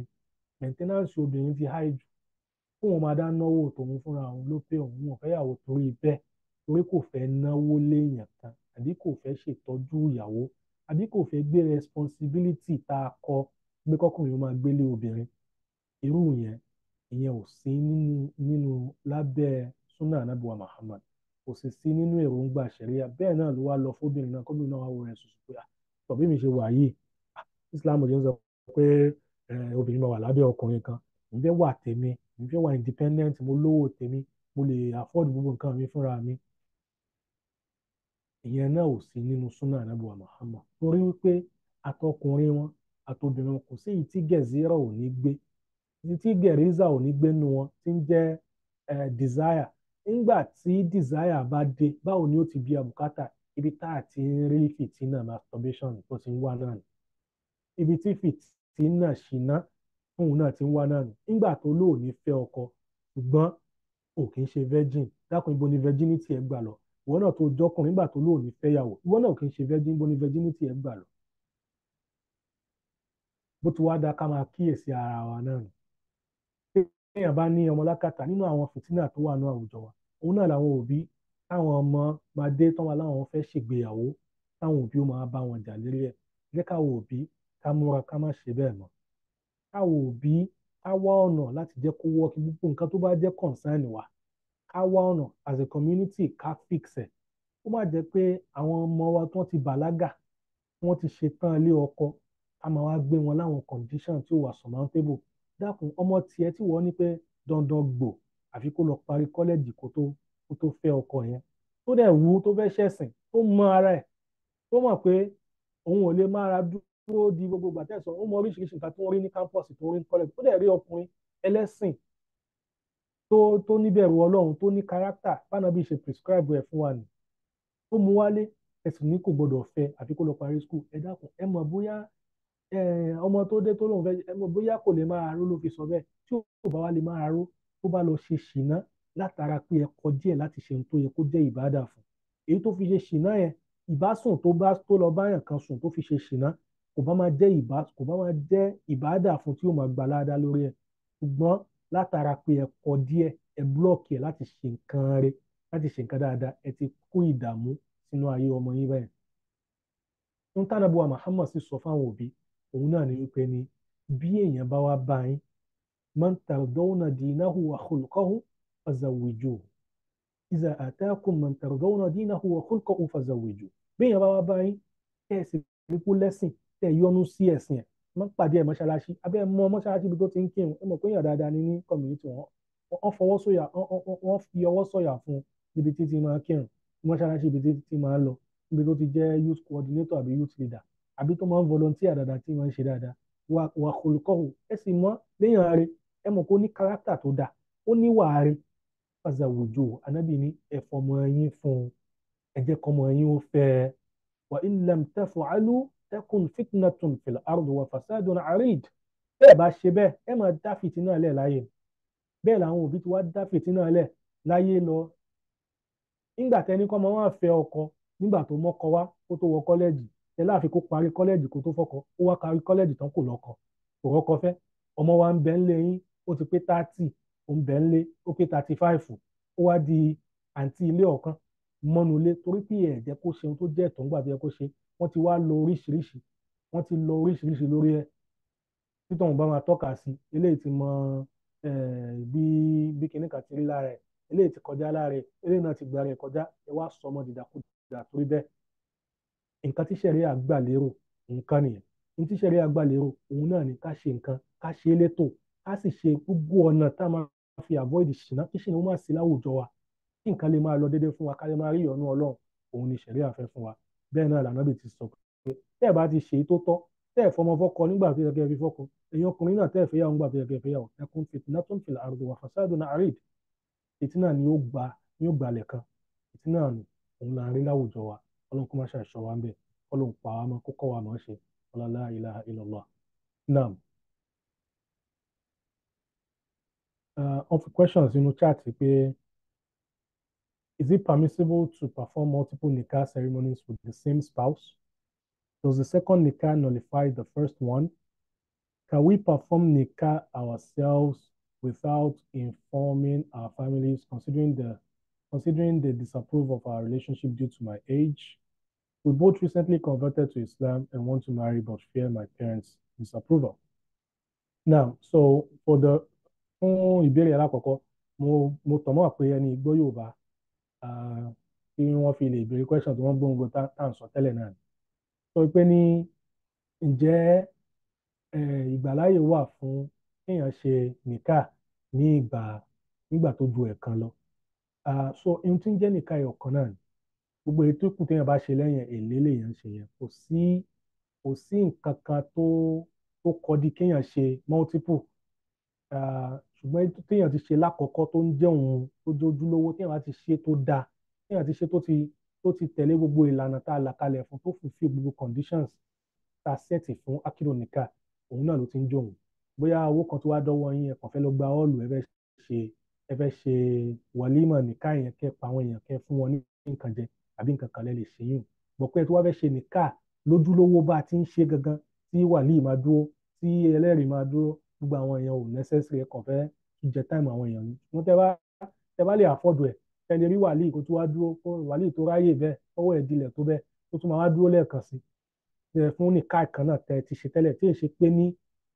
maintenance obìnrin ti háì jù fún wọn máa dá náwó tòun fúnra pé òun pé kọ́kùnrin ó máa gbélé obìnrin irú yẹn ìyẹn ò sí nínú nínú lábẹ́ sunnah anabiwa Muhammad kò sì sí nínú èròǹgbà ṣẹ̀ríà bẹ́ẹ̀ náà ló wá lọ fóbìnrin náà kóbìnrin náà wá wọ rẹ̀ sùsù pé ah, tọ̀bí mi ṣe wà yìí ah, Islam ò jẹ́ sọ pé obìnrin máa wà lábẹ́ ọkùnrin kan mo fẹ́ wà tèmi mo fẹ́ wà independent mo lówó tèmi mo lè afford gbogbo nǹkan mi fúnra mi ìyẹn náà ò sí nínú sunnah anabiwa Muhammad torí wípé atọkùnrin wọn àtòbìnrin kò sí èyí tí gẹ̀zírà ò ní gbé èyí tí ò ní gbé nu wọn tí ń jẹ́ eh, desire nígbà tí desire bá dé báwo ni ó ti bí abùkátà ibi tá a ti ń rí fìtínà masturbation tó ti ń wá náà ni ibi tí fìtínà ṣìnà fóun náà ti ń wá náà ni nígbà tó lóòní fẹ́ ọkọ ṣùgbọ́n ò kì í ṣe virgin dákun ibo ni virginity ẹ gbà lọ ìwọ náà tó jọkùnrin nígbà tó lóòní fẹ́yàwó ìwọ náà ò kì í ṣe virgin ibo ni virginity ẹ gbà lọ bó ti wá dáa ká máa kíyèsí ara wa náà nù téèyàn bá ní ọmọ lákàtà nínú àwọn fìtínà tó wà ní àwùjọ wa òun náà làwọn òbí táwọn ọmọ máa dé tán wa láwọn fẹ́ ṣègbéyàwó táwọn òbí ó máa bá wọn jà lérí ẹ̀ jẹ́ káwọn òbí ká múra ká má ṣe bẹ́ẹ̀ mọ́ káwọn òbí ká wá ọ̀nà láti jẹ́ kó wọ́ọ̀kì gbogbo nǹkan tó bá jẹ́ concern wa ká wá ọ̀nà as a community ká fix ẹ̀ ó má jẹ́ pé àwọn ọmọ wa tí ti bàlágà wọ́n ti ṣetán ilé ọkọ a máa wá gbé wọn láwọn condition tí ó wà surmountable dákun ọmọ tiẹ̀ tí wọ́n ní pé dandan gbò àfi kó lọ parí kọ́lẹ́jì kó tó kó tó fẹ́ ọkọ yẹn tó dẹ̀ wù tó fẹ́ ṣẹ̀sìn tó mọ ara ẹ̀ tó mọ̀ pé òun ò lè máa ra dúró di gbogbo ìgbà tẹ̀sán ó mọ oríṣiríṣi nǹkan tí wọ́n rí ní campus tó rí ní kọ́lẹ́jì tó dẹ̀ rí ọkùnrin ẹlẹ́sìn tó tó níbẹ̀rù ọlọ́run tó ní kárákítà bánabi ṣe prescribe ẹ̀ fún wa nì ó mú wálé ẹ̀sìn ní kò gbọdọ̀ fẹ́ àfi kó lọ parí school ẹ dákun ẹ mọ̀ bóyá ọmọ tó dé tó lòun fẹ́ bóyá kò lè máa ráró ló fi sọ bẹ́ẹ̀ tí ò bá wá lè máa ráró tó bá lọ ṣe ṣìnà látara pé ẹ kọjá ẹ láti ṣe ohun tó yẹ kó jẹ́ ìbádà fún èyí tó fi ṣe ṣìnà yẹn ìbásùn tó bá tó lọ báyàn kan sùn tó fi ṣe ṣìnà kò bá máa jẹ́ ìbá kò bá máa jẹ́ ìbádà fún tí ó máa gbà ládàá lórí ẹ ṣùgbọ́n látara pé ẹ kọjá ẹ ẹ búlọ̀kì ẹ láti ṣe nǹkan rẹ láti ṣe nǹkan dáadáa ẹ ti kó ìdààmú sínú ayé ọmọ yín báyìí. ń tànàbọ̀ sì sọ fáwọn òbí òun náà ni wípé ni bí èèyàn bá wá bá yín man tardawna dinahu wa khulqahu fazawwijuhu iza atakum man tardawna dinahu wa khulqahu fazawwijuhu bí èèyàn bá wá bá yín ẹ̀ sì rí kú lẹ́sìn tẹ̀ yọnu sí ẹ̀sìn ẹ̀ máa ń pàdé ẹ̀ mọ́ṣáláṣí abẹ́ mọ mọ́ṣáláṣí ibi tó ti ń kírun ẹ mọ̀ pé èèyàn dáadáa ni ní community wọn wọ́n fọwọ́ sọ̀yà wọ́n fi ọwọ́ sọ̀yà fún ibi tí ti máa kírun mọ́ṣáláṣí ibi tí ti máa lọ ibi tó ti jẹ́ youth coordinator àbí youth leader àbí tó máa ń volunteer dáadáa tí wọ́n ń ṣe dáadáa wà wà kòlùkọ́hù ẹ sì mọ̀ léèyàn rẹ ẹ mọ̀ pé ó ní kárátà tó dáa ó ní wà rẹ fàzàwùjò anábì ní ẹ fọmọ yín fún ẹ jẹ́ kọ́mọ yín ó fẹ́ ẹ wà illam taf'alu takun fitnatun fil ard wà fasadun arid bẹ́ẹ̀ bá ṣe bẹ́ẹ̀ ẹ máa dá fìtínà lẹ̀ láyé bẹ́ẹ̀ làwọn òbí ti wá dá fìtínà lẹ̀ láyé lọ nígbà tẹnikọ́ máa wá fẹ́ ọkọ nígbà tó mọ́kọ wá kó tó wọ kọ́lẹ́jì ẹ láàfin kó parí kọ́lẹ́ẹ̀jì kó tó fọ́kọ ó wá parí kọ́lẹ́ẹ̀jì tán kò lọ́kọ kò rọ́kọ fẹ́ ọmọ wa ń bẹ ń lé yín ó ti pé thirty ó ń bẹ ń lé ó pé thirty five ó wá di àǹtí ilé ọ̀kan mọ́nu ilé torí pé ẹ̀ jẹ́ kó ṣe ohun tó jẹ́ ẹ̀tọ́ ńgbà tó yẹ kó ṣe wọ́n ti wá lọ oríṣiríṣi wọ́n ti lọ oríṣiríṣi lórí ẹ̀ títọ̀ òun bá máa tọ́ka sí eléyìí ti mọ bí bí kinní kan ti rí lára ẹ̀ eléyìí ti kọjá lára ẹ̀ eléyìí náà ti gbà rẹ̀ kọjá ẹ wá sọ dìdàkudà torí bẹ́ẹ̀ nǹkan tí sẹ̀rí àgbàlérò nǹkan nìyẹn ní tí sẹ̀rí àgbàlérò òun náà ni ká ṣe nǹkan ká ṣe é létò ká sì ṣe gbogbo ọ̀nà tá a máa fi avoid ṣìnà kí ṣìnà ó máa sí láwùjọ wa kí nǹkan lè máa lọ déédéé fún wa ká lè máa rí ìyọ́nú ọlọ́run òun ni sẹ̀rí àfẹ́ fún wa bẹ́ẹ̀ náà lànà bìí ti sọ pé tẹ́ ẹ̀ bá ti ṣe é tó tọ́ tẹ́ ẹ̀ fọmọ fọ́kọ nígbà tó yẹ kẹ́ náà ni ó gba ni ó gbalẹ̀ kan fìtínà rí láwùjọ wa ọlọ́run kó má ṣe àṣọ wa ń bẹ̀ ọlọ́run pa wá mọ́ kó kọ́ wa mo ṣe ọlọ́lá uh, wọ́n fi questions chat pé is it permissible to perform multiple nikah ceremonies with the same spouse? Does the second nikah nullify the first one? Can we perform nikah ourselves without informing our families, considering the considering the disapproval of our relationship due to my age? We both recently converted to Islam and want to marry, but fear my parents' disapproval. Now, so for the fún ìbéèrè alákọ̀ọ́kọ́ mo mo tọ̀ mọ́ pé ẹni igbó Yorùbá tí wọ́n fi lè béèrè question tí wọ́n gbóngbó tá à ń sọ tẹ́lẹ̀ náà ni sọ pé ní ǹjẹ́ ìgbàláyè wà fún kéèyàn ṣe nìkà ní ìgbà nígbà tó ju ẹ̀kan lọ so ohun tí ń jẹ́ nìkà ẹ̀ọ̀kan náà ni gbogbo èyí tó kù téèyàn bá ṣe lẹ́yìn èlé lèèyàn ṣe yẹn kò sí kò sí nǹkan kan tó tó kọdí kéèyàn ṣe multiple ṣùgbọ́n èyí téèyàn ti ṣe lákọ̀ọ́kọ́ tó ń jẹ́ òun tó jójúlówó téèyàn bá ti ṣe tó dáa téèyàn ti ṣe tó ti tẹ̀lé gbogbo ìlànà tá a là kalẹ̀ fún tó fulfill gbogbo conditions tá a sẹ́ẹ̀tì fún akíronika òun náà ló ti ń jòun bóyá owó kan tó wá dọ́wọ́ yín ẹ kàn fẹ́ lọ gba ọ́ọ̀lù ẹ fẹ́ ṣe ẹ fẹ́ ṣe wàlímọ̀ nìka yẹn kẹ́ pa àwọn èèyàn kẹ́ fún wọn ní nǹkan jẹ àbí nǹkan kan lẹ lè ṣe yìí bọ̀ pé ẹ tó wá fẹ́ ṣe nìka lójúlówó bá a ti ń ṣe gangan tí wàlíì máa dúró tí ẹlẹ́rìí máa dúró gbogbo àwọn èèyàn ò necessary ẹ̀kọ́ fẹ́ jẹ táìmù àwọn èèyàn ni wọ́n tẹ́ bá tẹ́ lè àfọ́dù ẹ̀ ẹni rí wàlíì kó tó wá dúró kó wàlíì tó ráyè bẹ́ẹ̀ ọwọ́ ẹ̀ tó bẹ́ẹ̀ tó tún máa wá dúró lẹ́ẹ̀kan sí fún nìka kan náà tẹ́ ti ṣe tẹ́lẹ̀ tí èyí ṣe pé ní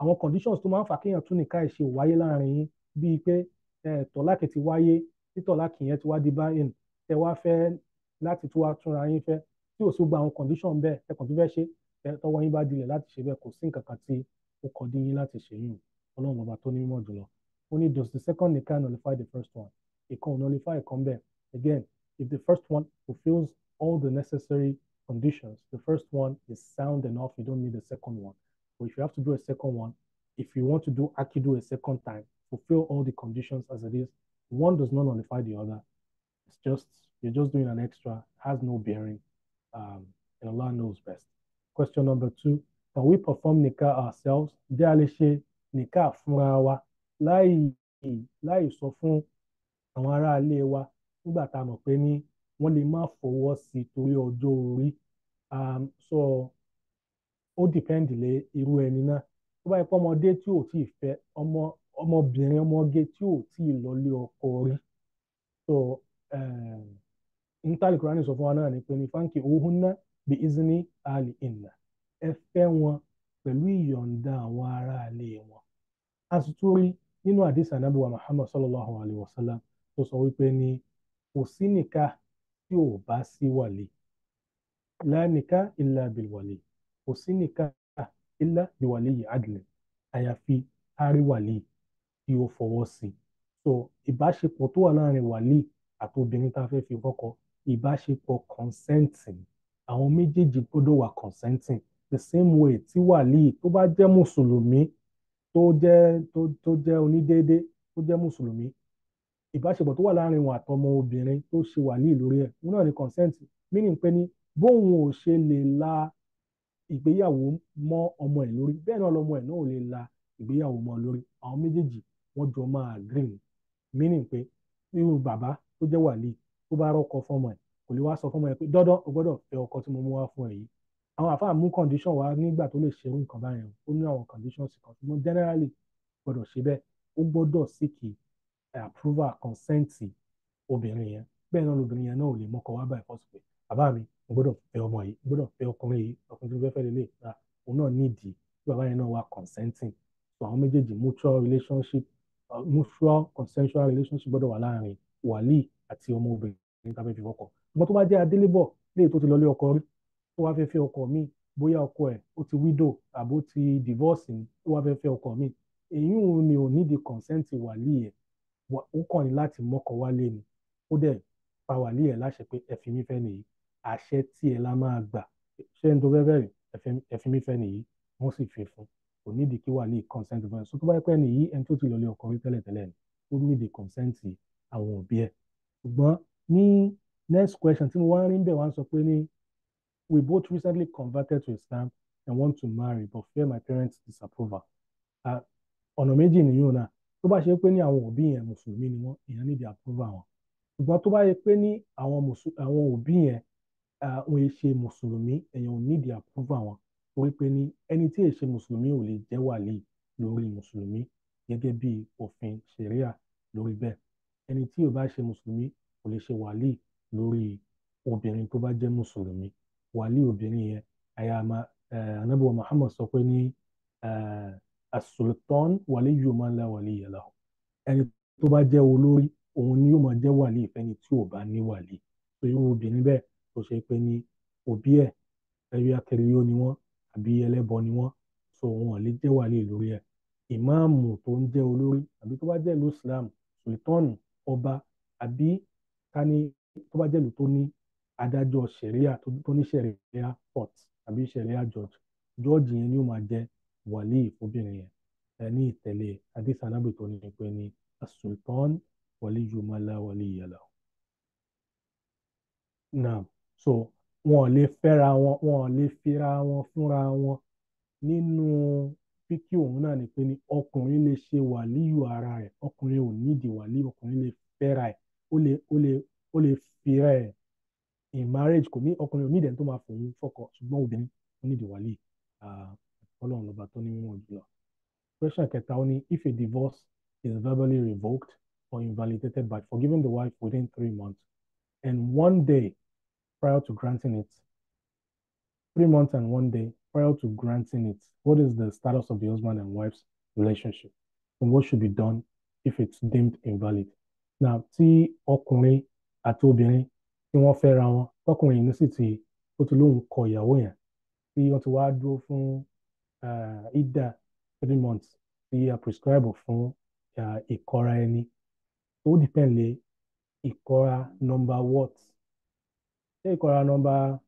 àwọn conditions tó máa ń fà kéèyàn tún nìka ìṣe ò wáyé láàrin yín bíi pé tọ̀láàkì ti wáyé tí tọ̀láàkì yẹn ti wá di báyìí ẹ wá fẹ́ láti tún wá túnra yín fẹ́ tí ò sí gba àwọn condition bẹ́ẹ̀ ẹ kàn tó fẹ́ ṣe ẹ tọwọ́ yín bá dilẹ̀ láti ṣe bẹ́ẹ̀ kò sí nǹkan kan tí ó kọ dí yín láti ṣe yín ọlọ́run ọba tó ní mọ̀ jùlọ julo Only does the second nikah nullify the first one it can nullify ìkan bẹ́ẹ̀ again if the first one fulfils all the necessary conditions the first one is sound enough you don't need a second one but if you have to do a second one if you want to do akidu a second time fulfill all the conditions as it is one does not nullify the other it's just you're just doing an extra, has no bearing, um, and Allah knows best. Question number two, can we perform nikah ourselves? Jẹ́ a lè ṣe nikah fúnra wa láì láì sọ fún àwọn aráalé wa nígbà tá a mọ̀ pé ní wọ́n lè má fọwọ́ sí torí ọjọ́ orí. Um, so ó dìpẹ́ǹdì lé irú ẹni náà. Tó bá yẹ pé ọmọdé tí ò tíì fẹ́ ọmọ ọmọbìnrin ọmọge tí ò tíì lọlé ọkọ rí. So um, ń tàlí kúránì sọ fún wa náà ni pé ní fáńkì òhunná bí izni ali inna ẹ fẹ́ wọn pẹ̀lú ìyọ̀ǹda àwọn ará ilé wọn a sì tún rí nínú àdìsí anábìwá muhammad sallallahu alayhi wa sallam tó sọ wípé ní kò sí nìka tí ò bá sí wàlí la nìka illa kò sí nìka illa bi yìí adìlẹ̀ àyàfi kárí tí ó fọwọ́ sí so ìbáṣepọ̀ tó wà láàrin wàlí àti obìnrin tá a fẹ́ fi kọ́kọ́ ìbáṣepọ̀ consenting àwọn méjèèjì gbọ́dọ̀ wà consenting the same way tí wàlíì tó bá jẹ́ mùsùlùmí tó jẹ́ tó tó jẹ́ onídéédé tó jẹ́ mùsùlùmí ìbáṣepọ̀ tó wà láàrin wọn àtọmọ obìnrin tó ṣe wàlíì lórí ẹ̀ òun náà ni consent meaning pé ní bóun ò ṣe lè la ìgbéyàwó mọ́ ọmọ ẹ̀ lórí bẹ́ẹ̀ náà lọmọ ẹ̀ náà ò lè la ìgbéyàwó mọ́ lórí àwọn méjèèjì wọ́n jọ máa agree meaning pé irú bàbá tó jẹ́ wàlíì ó bá rọkọ fọmọ ẹ kò lè wá sọ fọmọ ẹ pé dọdọ o gbọ́dọ̀ fẹ́ ọkọ tí mo mú wá fún ẹ yìí àwọn àfáà mú condition wá nígbà tó lè ṣerú nǹkan báyẹn ó ní àwọn conditions kan ṣùgbọ́n generally gbọ́dọ̀ ṣe bẹ́ẹ̀ ó gbọ́dọ̀ síkì approval consent obìnrin yẹn bẹ́ẹ̀ náà lobìnrin yẹn náà ò lè mọ́kọ wá báyìí fọ́sùn pé bàbá mi mo gbọ́dọ̀ fẹ́ ọmọ yìí mo gbọ́dọ̀ fẹ́ ọkùnrin yìí ọkùnrin tó fẹ́ fẹ́ lélẹ̀ ìta òun náà nídìí tí bàbá yẹn náà wà consenting so àwọn méjèèjì mutual relationship uh, mutual consensual relationship gbọ́dọ̀ wà láàrin wàlí àti ọmọ obìnrin tàbí fi ọkọ ṣùgbọ́n tó bá jẹ́ adélébọ̀ lè tó ti lọ lé ọkọ rí tó wá fẹ́ fẹ́ ọkọ míì bóyá ọkọ ẹ̀ ó ti wídò àbó ti divorce ni ó wá fẹ́ fẹ́ ọkọ míì èyí ni ò ní di consent wàlí ẹ̀ ó kàn ní láti mọ́kọ wálé ni ó dẹ̀ pa wàlí ẹ̀ láṣẹ pé ẹ fi mí fẹ́ nìyí àṣẹ tí ẹ la máa gbà ṣé n tó fẹ́ fẹ́ rìn ẹ fi mí fẹ́ nìyí wọ́n sì fi fún kò nídìí kí wàlí consent fún ẹ so tó bá yẹ pé nìyí ẹni tó ti lọ ọkọ rí tẹ́lẹ̀tẹ́lẹ̀ ó nídìí consent yìí àwọn òbí ẹ̀ ṣùgbọ́n ní next question tí mo wá ń rí bẹ́ẹ̀ wá sọ pé ní we both recently converted to Islam and want to marry but fear my parents' disapproval ọ̀nà méjì nìyóò náà tó bá ṣe pé ní àwọn òbí yẹn mùsùlùmí ni wọ́n èèyàn níbi approval wọn ṣùgbọ́n tó bá yẹ pé ní àwọn òbí yẹn òun ṣe mùsùlùmí èèyàn ò nídìí àpúrúfà wọn torí pé ní ẹni tí èèṣe mùsùlùmí ò lè jẹ́ wàlí lórí mùsùlùmí gẹ́gẹ́ bí òfin ṣẹ̀ríà lórí bẹ́ẹ̀ ẹni tí ò bá ṣe mùsùlùmí kò lè ṣe wàlíì lórí obìnrin tó bá jẹ́ mùsùlùmí wàlíì obìnrin yẹn àyà anábìwọ̀ Muhammad sọ pé ní as-sultan waliyyu man la waliyya lahu ẹni tó bá jẹ́ olórí òun ni yóò máa jẹ́ wàlíì fẹ́ni tí ò bá ní wàlíì tó irú obìnrin bẹ́ẹ̀ tó ṣe pé ní òbí ẹ̀ ẹ̀rí akẹrìyó ni wọ́n àbí ẹlẹ́bọ ni wọ́n so wọn lè jẹ́ wàlíì lórí ẹ̀ ìmáàmù tó ń jẹ́ olórí àbí tó bá jẹ́ ìlú Islam Sultan ọba àbí ká ní tó bá jẹ́lu tó ní adájọ́ sẹ̀ríà tó ní sẹ̀ríà court àbí sẹ̀ríà judge judge yẹn ni ó máa jẹ́ wàlíì fóbìnrin yẹn ẹni ìtẹ̀lé hadith anábì tó ní pé ní asultan wàlíyù mala wàlíyà lahu. naam so wọn ò lè fẹ́ra wọn wọn ò lè fira wọn fúnra wọn nínú fíkì òun náà ni pé ni ọkùnrin lè ṣe wàlíyù ara rẹ̀ ọkùnrin ò nídìí wàlíyù ọkùnrin lè fẹ́ra ẹ̀ ó lè ó lè ó lè fira ẹ̀ in marriage kò ní ọkùnrin ò nídìí ẹni tó máa fòun fọkọ ṣùgbọ́n obìnrin ó nídìí wàlíyù ọlọ́run lọ́ba tó ní mímọ́ jùlọ. kẹta ó ní if a divorce is verbally revoked or invalidated by forgiving the wife within three months and one day prior to granting it three months and one day prior to granting it, what is the status of the husband and wife's relationship? And what should be done if it's deemed invalid? Now, tí ọkùnrin àti obìnrin tí wọ́n fẹ́ra wọn, tọkùnrin inú sì ti ó ti lóun kọ ìyàwó yẹn, tí wọ́n ti wá dúró fún ìdá eh, three months tí a prescribe fún eh, ìkọra ẹni. Ó depend lé ìkọra number what? ìkọra number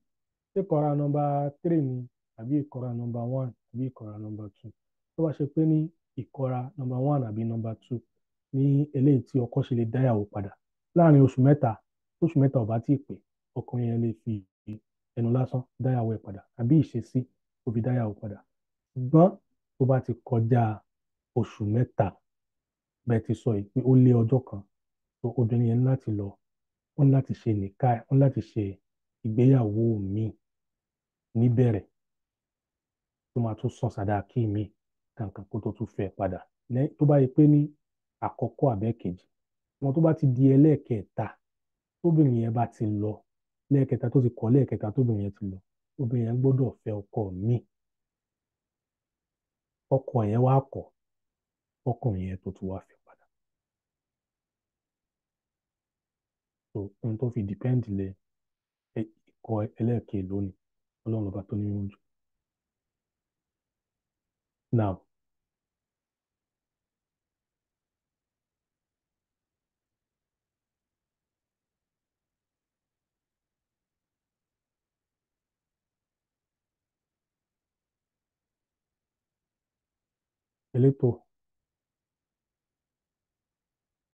ìkọra number three ni àbí ìkọra number one àbí ìkọra number two tó bá ṣe pé ní ìkọra number one àbí number two ní eléyìí tí ọkọ ṣe lè dáyàwó padà láàrin oṣù mẹ́ta oṣù mẹ́ta ò bá tí ì pé ọkùnrin yẹn lè fi ẹnu lásán dáyàwó ẹ̀ padà àbí ìṣesí ó fi dáyàwó padà ṣùgbọ́n tó bá ti kọjá oṣù mẹ́ta bẹ́ẹ̀ ti sọ yìí pé ó lé ọjọ́ kan tó obìnrin yẹn láti lọ wọ́n láti ṣe nìka wọ́n láti ṣe ìgbéyàwó míì níbẹ̀rẹ̀ tó máa tún san sàdáàkì mi kankan kó tó tún fẹ́ padà tó bá yẹ pé ní àkọ́kọ́ àbẹ́kejì wọn tó bá ti di ẹlẹ́ẹ̀kẹta tóbìnrin yẹn bá ti lọ lẹ́ẹ̀kẹta tó ti kọ̀ lẹ́ẹ̀kẹta tóbìnrin yẹn ti lọ obìnrin yẹn gbọ́dọ̀ fẹ́ ọkọ mi ọkọ yẹn wá kọ̀ ọkùnrin yẹn tó tún wá fẹ́ padà. so ohun tó fi dìpẹ́ǹdì lẹ ẹ̀kọ́ ẹlẹ́ẹ̀kẹ́ lónìí ọlọ́run ọba tó ní oúnjẹ. Não. Deletou.